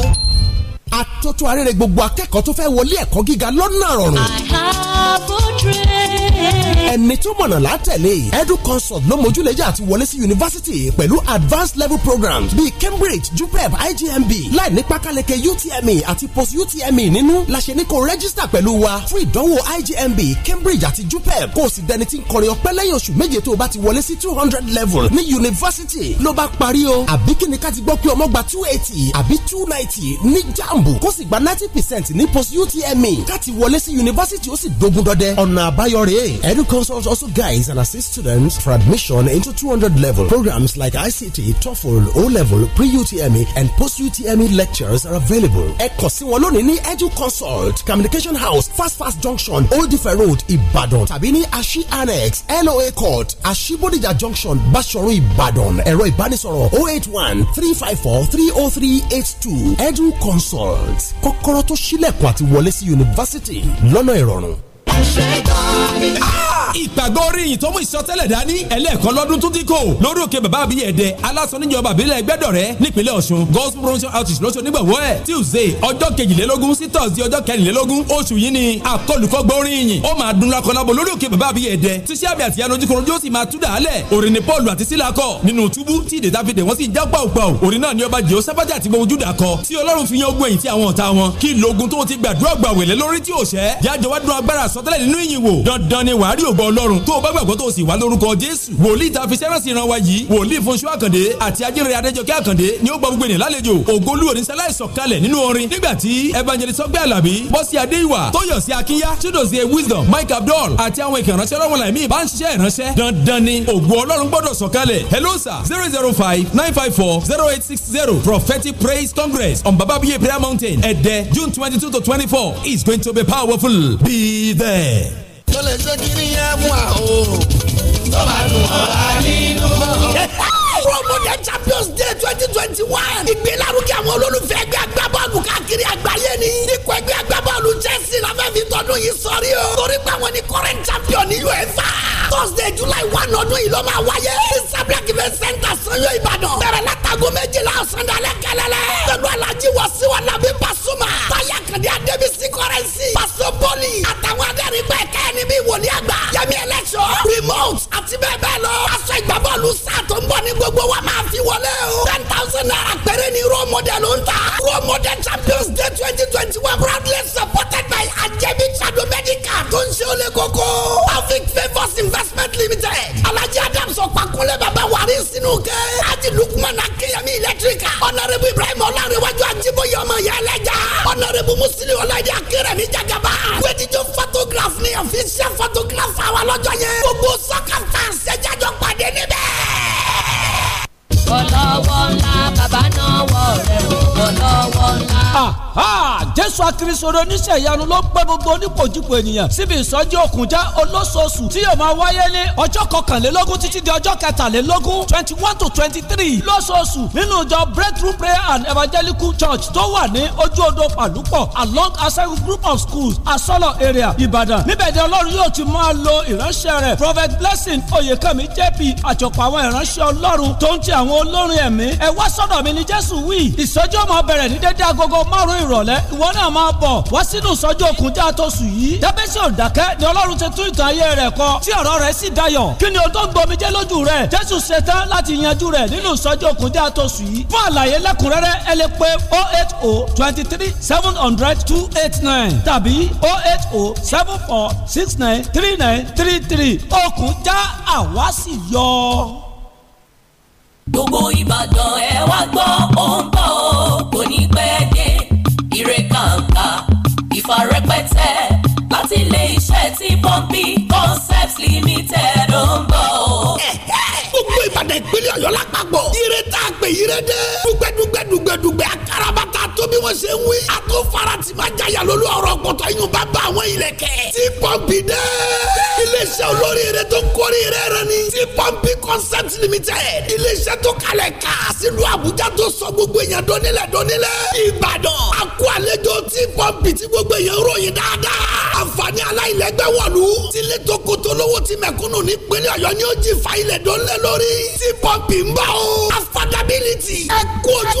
àtótó arére gbogbo akẹ́kọ̀ọ́ tó fẹ́ wọlé ẹ̀kọ́ gíga lọ́nà rọrùn. àkàbò trade. ẹni tó mọ̀nà látẹ̀lé edu consult ló mójúlẹ̀jà àti wọlé sí yunifásitì pẹ̀lú advanced level programs bíi cambridge jupeb igmb láì ní pákáleke utme àti post utme nínú la ṣe ní kó rẹ́gísítà pẹ̀lú wa fún ìdánwò igmb cambridge àti jupeb kó o sì dẹni tí ń kọrin ọpẹ́ lẹ́yìn oṣù méje tó o bá ti wọlé sí two hundred level ní yunifásitì ló bá parí o àbí kíni ká ti gbọ́ pé ọmọ gba two eighty àbí two ninety ní jam jambu kó sì gba ninety percent ní post utme káti wọlé sí yunifásitì ó sì dogun dọdẹ ọ̀nà àbáyọ rèé educonsult also guides and assists students for admission into two hundred level programs like ict toefl o level pre-utme and post-utme lectures are available ẹ kàn sí wọn lónìí ní educonsult communication house fast fast junction old ife road Ibadan. tàbí ní ashi annex noa court ashibodija junction basoro Ibadan. ẹ̀rọ ìbánisọ̀rọ̀ oh eight one three five four three oh three eight two educonsult. World kọ́kọ́rọ́ tó ṣílẹ̀kùn àti wọlé sí yunifásítì lọ́nà ìrọ̀rùn ìpàgọ́ oríyìn tó mú ìsọtẹ́lẹ̀ dání ẹlẹ́ẹ̀kan lọ́dún tún ti kò lórí òkè bàbá àbí ẹ̀dẹ aláṣọ níjọba àbílẹ̀ ẹgbẹ́dọ̀rẹ́ nípínlẹ̀ ọ̀ṣun gospel promotion outreach lóṣù nígbàwọ́ ẹ̀ tuesday ọjọ́ kejìlélógún sí thursday ọjọ́ kẹrìnlélógún oṣù yìí ni àkọlùkọ́gbọ́ oríyìn ó máa dún lakọlábọ̀ lórí òkè bàbá àbí ẹ̀dẹ tíṣẹ́ àbí àti yanu ojúkọrọ yóò sì máa tú dàálẹ̀ orin ni paul àti sílà kọ nínú túbú tí ìdè dáfídè wọn sì já gbàùgbàù orin náà ni ọba jẹ́ sábàtì àti gbogbo júdà kọ tí ọlọ́run fi yan ogun ẹ̀yìn tí àwọn ọ̀tá wọn kí lógun tó ti gbàdúrà gbàwẹ̀lẹ́ lórí tí ò ṣẹ́ jáde wá dún agbára àsọ àsọtẹ́lẹ̀ nínú ìyìn wò dandan ni wàá rí ògbọ́ ọlọ́run tó o bá gbàgbọ́ tó o sì wá lórúkọ jésù wòlíì ta fi sẹ́rẹ̀sì ìran wa yìí wòlíì Fúnṣọ́ Àkàndé àti ajínrere adéjọkẹ́ Àkàndé ni ó gba gbogbo ènìyàn lálejò ògolú oníṣẹ́lá ìsọ̀kalẹ̀ nínú orin nígbà tí evangelist ọgbẹ́ àlàbí bọ́sí adéìwà tóyọ̀sí akínyá chidozie wisdom mike abdul àti àwọn ìkànnì ọlọ́run làmì bá ń ṣiṣẹ́ ọlọ́run gbọ́dọ̀ hello sir zero zero five nine five four zero eight six zero prophetic praise congress on bababiye prayer mountain ẹ̀dẹ́ june twenty two to twenty four is going to be powerful be there bẹ́ẹ̀. tó lè ṣe kí ni ẹ mú àwọn o tó ọ̀la nínú. Euro Mondial Champions Day twenty twenty one. ìgbélárugẹ àwọn olólùfẹ́ ẹgbẹ́ agbábọ́ọ̀lù káàkiri àgbáyé ni. ikọ̀ ẹgbẹ́ agbábọ́ọ̀lù Chelsea la fẹ́ fi tọdún yìí sọrí o. torí pé àwọn ni current champion ní UEFA. Thursday July one ọdún yìí ló máa wáyé. sablak ibẹ̀ sẹ́ńtà Sanyo Ìbàdàn. bẹ̀rẹ̀ látago méjìlá ọ̀sán dalẹ̀ kẹlẹ́lẹ́. pẹ̀lú alájí wàsíwà lábẹ́ Pasuma. táyà kàdé adébísí kọrẹ́nsì. pásọ bọ́ọ̀lì. àtàwọn adẹ́rìn pẹ́ kẹ́ni bí wòlíàgbà. yẹmi ẹlẹ́sọ̀ remote àti bẹ́ẹ̀ bẹ́ẹ̀ lọ. aṣọ ìgbàbọ́ọ̀lù sáà tó ń bọ̀ ní gbogbo gbogbo wa máa fi wọlé o. ten thousand naira péré ni raw model ló ń ta. raw model champions day twenty twenty one proudly supported by ajẹ́bí trado medical tó ń ṣe olè koko. perfect favours investment limited. alhaji adams ọ̀pákúnlẹ̀ bàbá wàrí sínú kẹ́. àti lukman akínyẹmí electrical. ọ̀nàrẹ́bù ibrahim ọ̀làrẹ̀wájú àjíbóyè ọmọ ìyá ẹlẹ́jà. ọ̀nàrẹ́bù muslim ọ̀làjà akérèmí jagaba. wẹ́ẹ́dìjọ́ photograph ni official photographer wa lọ́jọ́ yẹn. jésù akirisoro oníṣẹ̀yanu ló ń pẹ́ gbogbo oníkojúpo ènìyàn síbi ìsọjí òkùnjẹ́ olóṣooṣù tí yóò máa wáyé ní ọjọ́ kọkànlélógún títí di ọjọ́ kẹtàlélógún twenty one to twenty three lóṣooṣù nínú ìjọ breakthrough prayer and evangelical church tó wà ní ojú odò pàlúpọ̀ along asegun group of schools asọ́lọ̀ area ìbàdàn níbẹ̀ ni ọlọ́run yóò ti máa lo ìránṣẹ́ rẹ̀ prophet blessing oyèkánmi jp àjọpọ̀ àwọn ìránṣẹ́ ọlọ́run náà máa bọ̀ wá sínú ìsọjí òkúnjẹ́ àtọ́sù yìí dábẹ́sì ọ̀dàkẹ́ ni ọlọ́run ti tún ìtàn ayé rẹ̀ kọ tí ọ̀rọ̀ rẹ̀ sì dayọ̀ kí ni o tó ń gbomijẹ́ lójú rẹ̀ jésù ṣetán láti yanjú rẹ̀ nínú ìsọjí òkúnjẹ́ àtọ́sù yìí fún àlàyé lẹ́kùnrẹ́rẹ́ ẹ lè pe oh eight oh twenty three seven hundred two eight nine tàbí oh eight oh seven four six nine three nine three three òkúnjẹ́ àwa sì yọ gbogbo ìbàdàn ẹ wá gbọ́ ó bọ̀ kò ní pẹ́ ire kàǹkà ìfarẹ́pẹ́tẹ́ láti ilé iṣẹ́ tí pọ́ńpì concepts limited ń bọ̀ o. gbogbo Ìbàdàn ìpínlẹ̀ Ọ̀yọ́ lápapọ̀ ire tá a pè ire dé dùgbẹ́dùgbẹ́dùgbẹ́dùgbẹ́ akaraba bí wọ́n ṣe ń wí. a tó farati máa jaya lólu ọ̀rọ̀ pọ̀tọ́ yín bá bá àwọn ìlẹ̀kẹ̀. tí pọ́ǹpì dẹ́. iléeṣẹ́ olórí rẹ tó ń kórè rẹ rẹ ni. tí pọ́ǹpì concept limited. iléeṣẹ́ tó kalẹ̀ ká sílùú àbújá tó sọ gbogbo èèyàn dọ́nílẹ̀ dọ́nílẹ̀. ìbàdàn a kó àlejò tí pọ́ǹpì tí gbogbo èèyàn ròyìn dáadáa. àǹfààní aláìlẹ́gbẹ́ wọ̀lú. tilé tó koto lówó ti mẹ̀kúnnù nípínlẹ̀ ọ̀yọ́ ni ó jì fa ilẹ̀ dọ́nílẹ̀ lórí. tí pọ́ǹpì ń affordability ẹ kú ojú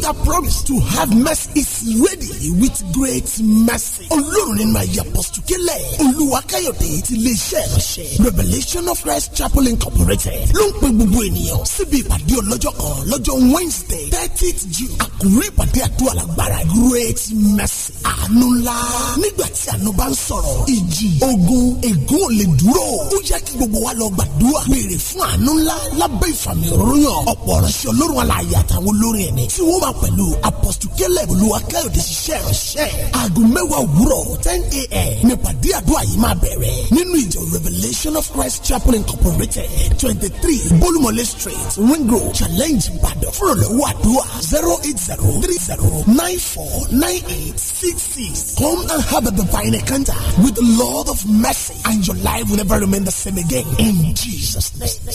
He that promised to have mercy is ready with great mercy. Ọlọ́run nínú ayé apọ́sítù kélẹ̀. Olúwakáyọ̀dé ti lè ṣe ẹ̀ṣẹ̀. Revelation of Christ Chapel Incorporated ló ń pe gbogbo ènìyàn síbi ìpàdé ọlọ́jọ́ kan lọ́jọ́ Wednesday thirtieth June. Àkùrẹ́ ìpàdé àdúrà lágbára great mercy. Àánú ńlá nígbà tí àánú bá ń sọ̀rọ̀ ìjì ogun ègún ò lè dúró. Ó yẹ kí gbogbo wa lọ gbàdúrà. Béèrè fún àánú ńlá lábẹ́ ìfàmì òróyàn. Ọ̀pọ̀ ọ̀rọ̀ ṣe Ọlọ́run alààyè àtàwọn olórin ẹ̀mí tí náà pẹ̀lú apọ́sítù kẹlẹ̀ olùwàkẹ́yọ̀dé ṣiṣẹ́ ìrọ̀ṣẹ́ aago mẹ́wàá òwúrọ̀ ten a.m. ní pàdé àdúrà yìí máa bẹ̀rẹ̀ nínú ìjọ revelation of christ chapel incorporated twenty three bolumole street ring road challenge ìbàdàn fúnrọ̀lẹ́wọ̀ àdúrà zero eight zero three zero nine four nine eight six six come and have a divine encounter with the lord of mercy and your life will never remain the same again in jesus name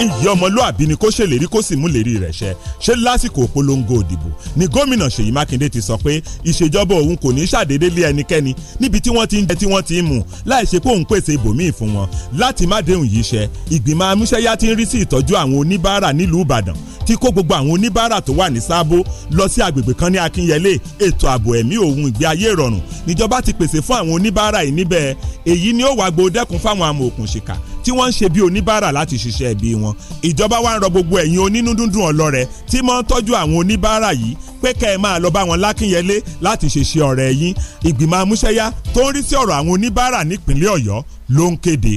ìyẹ́ ọmọlúàbí ni kó ṣèlérí kó sì múlérí rẹ̀ ṣẹ ṣe lásìkò polongo òdìbò ni gómìnà Ṣèyí Mákindé ti sọ pé ìṣèjọba òun kò ní ṣàdédé lé ẹnikẹ́ni níbi tí wọ́n ti ń jẹ tí wọ́n ti ń mu láì ṣe pé òun pèsè ibòmíì fún wọn láti má déhùn yìí ṣẹ ìgbìmọ̀ amúṣẹ́yá ti ń rí sí ìtọ́jú àwọn oníbàárà nílùú Ìbàdàn ti kó gbogbo àwọn oníbàárà tó wà ní sáàbò lọ sí agbègbè kan ní Akínyẹlé ètò ààbò ẹ̀mí òun ìgbé ayé ìrọ̀rùn níjọba ti pèsè fún àwọn oníbàárà yìí níbẹ̀ èyí ni ó wàá gbòó dẹ́kun fáwọn amòòkùnṣìkà tí wọ́n ń ṣe bí oníbàárà láti ṣiṣẹ́ ibi wọn ìjọba wa ń rọ gbogbo ẹ̀yin onínúdúndún ọlọ́rẹ̀ tí mọ́ ń tọ́jú àwọn oníbàárà yìí pé kẹ́ ẹ máa lọ bá wọn lákínyẹlé láti ṣiṣẹ́ ọ̀rẹ́ yín ìgbìmọ̀ amúṣẹ́yá tó ń rí sí ọ̀rọ̀ àwọn oníbàárà nípínlẹ̀ ọ̀yọ́ ló ń kéde.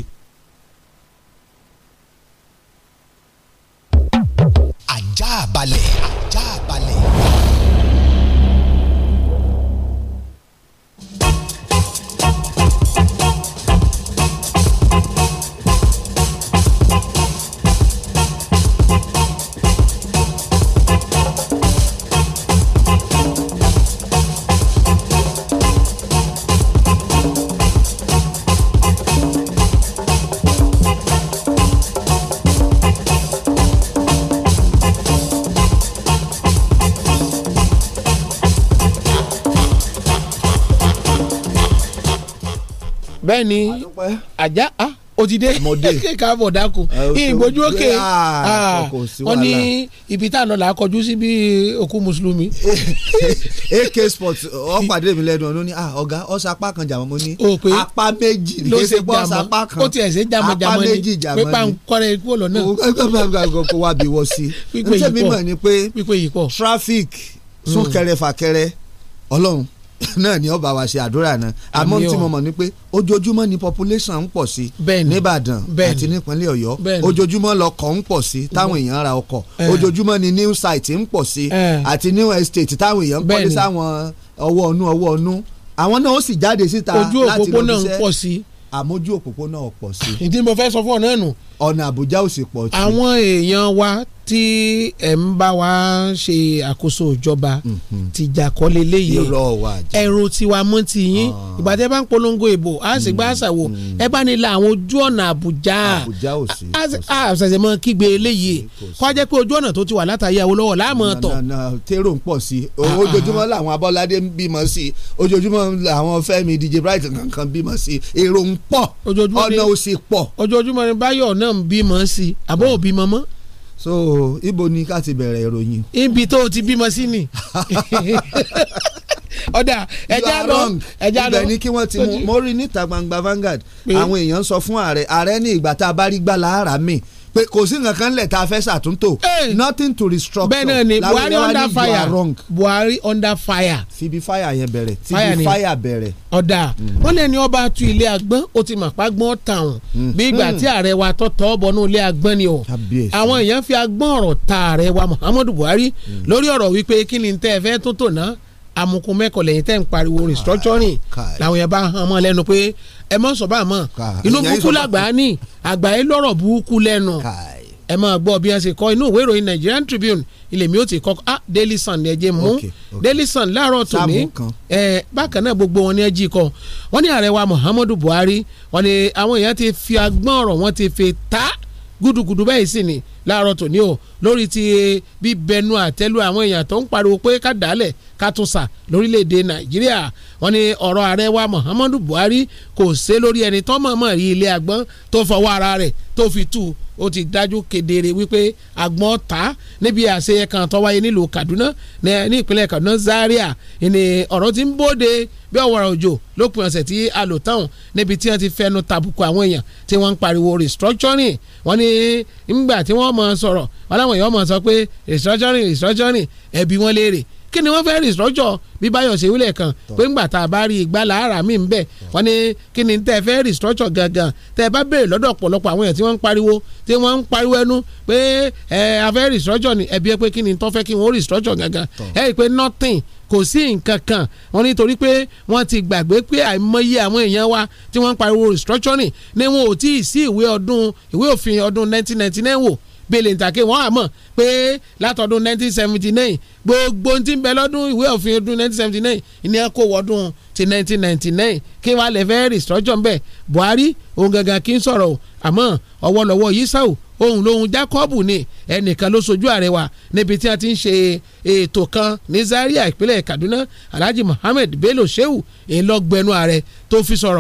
àjà balẹ̀. ọ̀rẹ́ ni ajá a òdìdé kéka bọ̀ dákun ìgbójú òkè wọn ní ibi tá a lọ là á kọjú sí bí òkú mùsùlùmí. AK Sports ọ̀pàdé mi lẹ́nu ọ̀nà ni ọ̀gá ọ̀sà apá kan jàmọ́ mo ní apá méjì ló ṣe pọ̀ ọ̀sà apá kan ó ti ẹ̀ ṣe jàmọ́ jàmọ́ ni pé pa n kọ́rẹ́ kú ọ̀lọ́ náà. kó wá bí wọ́n sí i ṣé mi mọ̀ ni pé traffic súnkẹrẹ fàkẹrẹ ọlọ́run náà ni ọba wa ṣe àdúrà náà àmọ́ tí mo mọ̀ ni pé ojoojúmọ́ ni population ń pọ̀ sí nìbàdàn àti nípínlẹ̀ ọ̀yọ́ ojoojúmọ́ lọkọ̀ ń pọ̀ sí táwọn èèyàn ra ọkọ̀ ojoojúmọ́ ni new site ń pọ̀ sí àti new estate táwọn èèyàn ń kọ́lé sáwọn ọwọ́ ọ̀nú ọwọ́ ọ̀nú àwọn náà ó sì jáde síta láti lọ́ọ́ ojú òpópónà ń pọ̀ sí àmójú ìdí mo fẹ́ sọ fún ọ̀nà ẹ̀nu. ọ̀nà àbújá ò sì pọ̀ tí ẹ̀ ń bá wa ṣe àkóso ìjọba mhm. tìjà kọ́lé léyìí ẹ̀rù tiwa mọ́ ti yín ah. ìbàdẹ́ bá ń polongo ìbò a sì gbá mm. àṣàwò mm. ẹ bá ní la àwọn ojú ọ̀nà Àbújá àṣẹṣẹ mọ́ kígbe eléyìí kọ́ jẹ́ pé ojú ọ̀nà tó ti wà látàyè Awólọ́wọ̀ láàmú ọ̀tọ̀. tèrò ń pọ̀ sí i ojoojúmọ́ ah. làwọn Abọ́ládé ń bímọ sí i ojoojúmọ́ làwọn Fẹ́mi DJ Bright kankan bímọ sí i èrò ń pọ̀ ọ̀nà ò sì pọ̀. ojoojúmọ́ ni Báyọ̀ náà ń bímọ sí i àbọ̀ ò mọ́ so ibo ni ká ti bẹ̀rẹ̀ ìròyìn. ibi tó o ti bímọ sí ni ọ̀dà ẹja lọ ẹja lọ ibẹ̀ ni kí wọ́n ti mú mo rí níta gbangba Vanguard àwọn èèyàn sọ fún ààrẹ ààrẹ ní ìgbà tá a bá rí gbà láàrá mi pé kò sí nǹkan kan lẹ̀ tá a fẹ́ ṣàtúntò nothing to restructure bẹ́ẹ̀ náà ni Buhari under fire Buhari under fire fibi fire yẹn bẹ̀rẹ̀ fibi fire bẹ̀rẹ̀. ọ̀dà hmm. wọn lè ní ọba tu ilé agbọ́n ó ti mà pàgbọ́n tàwọn hmm. bí ìgbà hmm. tí ààrẹ wa tọ́tọ́ ọbọ̀nú ilé agbọ́n ni o àwọn èèyàn fi agbọ́n ọ̀rọ̀ ta ààrẹ wa Muhammadu Buhari lórí ọ̀rọ̀ wípé kí ni tẹ́ ẹ fẹ́ tó tò náà amukun mẹ́kọ̀ lẹ́yìn tẹ́ ń pariwo restructuring ah, làwọn yẹn bá hàn mọ́ lẹ́nu pé ẹ mọ̀ sọ bá mọ̀ inú burúkú làgbà ni àgbà lọ́rọ̀ burúkú lẹ́nu ẹ máa gbọ́ bí wọ́n ṣe kọ́ inú ìwé ìròyìn Nigerian Tribune ilẹ̀ mi ó ti kọ́ ah Daily Sun ni ẹ jẹ́ mú Daily Sun láàárọ̀ tòní ẹ bákan náà gbogbo wọn ni ẹ jí kọ́ wọ́n ní ààrẹ wa Muhammadu Buhari wọ́n ní àwọn èèyàn ti fi agbọ́n ọ̀rọ̀ wọn ti fi ta gúdúgúdú báyìí sí ni láàárọ̀ tòní o lórí ti bíbẹnu àtẹ́lu àwọn èèyàn tó ń pariwo pé ká dálẹ̀ ká tún sà lórílẹ̀‐èdè nàìjíríà wọ́n ní ọ̀rọ̀ ààrẹ wa muhammadu buhari kò sé lórí ẹni tó mọ̀ọ́mọ̀ rí ilé agbọ́n tó fọwọ́ ara rẹ̀ tó fi tú ó ti dájú kedere wípé agbọ́n ta níbi àṣeyẹ kan tó wáyé nílùú kaduna ní ìpínlẹ̀ kaduna zaria ìní ọ̀rọ̀ ti ń bóde bí ọ̀wọ́rọ̀ òjò lópin ọ̀sẹ̀ tí a lò tán níbi tí wọ́n ti fẹnu tàbùkù àwọn èèyàn tí wọ́n ń pariwo restructuring wọ́n ní nígbà tí wọ́n ọmọ sọ̀rọ̀ wọn làwọn èèyàn ọmọ sọ pé restructuring restructuring ẹ̀bí wọn léèrè kí ni wọ́n fẹ́ restructure bí báyọ̀ ṣe wílẹ̀ kan pé ńgbà tá a bá rí igbá làárà mi ń bẹ̀ wọ́n ní kí ni tẹ́ ẹ fẹ́ restructure gangan tẹ́ ẹ bá béèrè lọ́dọ̀ ọ̀pọ̀lọpọ̀ àwọn èèyàn tí wọ́n ń pariwo tí wọ́n ń pariwo ẹnu pé ẹ a fẹ́ restructure ni ẹbí ẹ pé kí ni tó fẹ́ kí wọ́n restructure gangan ẹ rí i pé nothing kò sí nǹkan kan wọ́n nítorí pé wọ́n ti gbàgbé pé àìmọye àwọn èèyàn wa tí wọ́n ń pariwo restructuring ni wọn ò tí ì sí ìwé ọdún ìwé òfin ọdún 1999 wò gbélé-ntàkè wọ́n á mọ̀ pé látọdún 1979 gbogbo ti ń bẹ lọ́dún ìwé òfin ọdún 1979 ìní ẹ̀kọ́ wọ́dún ti 1999 kí wàá lè fẹ́ rìsítọ́jọ́ ń bẹ̀ Buhari òun gangan kì í sọ̀rọ̀ àmọ́ ọwọ́lọ́wọ́ yìí sáwò òun lòun Jacobu ni ẹnìkan ló sojú ààrẹ wa níbi tí a ti ń ṣe ètò kan ní Zaria ìpínlẹ̀ Kaduna Alhaji Muhammed Bello Shehu ìlọgbẹnu ààrẹ tó fi sọ̀rọ̀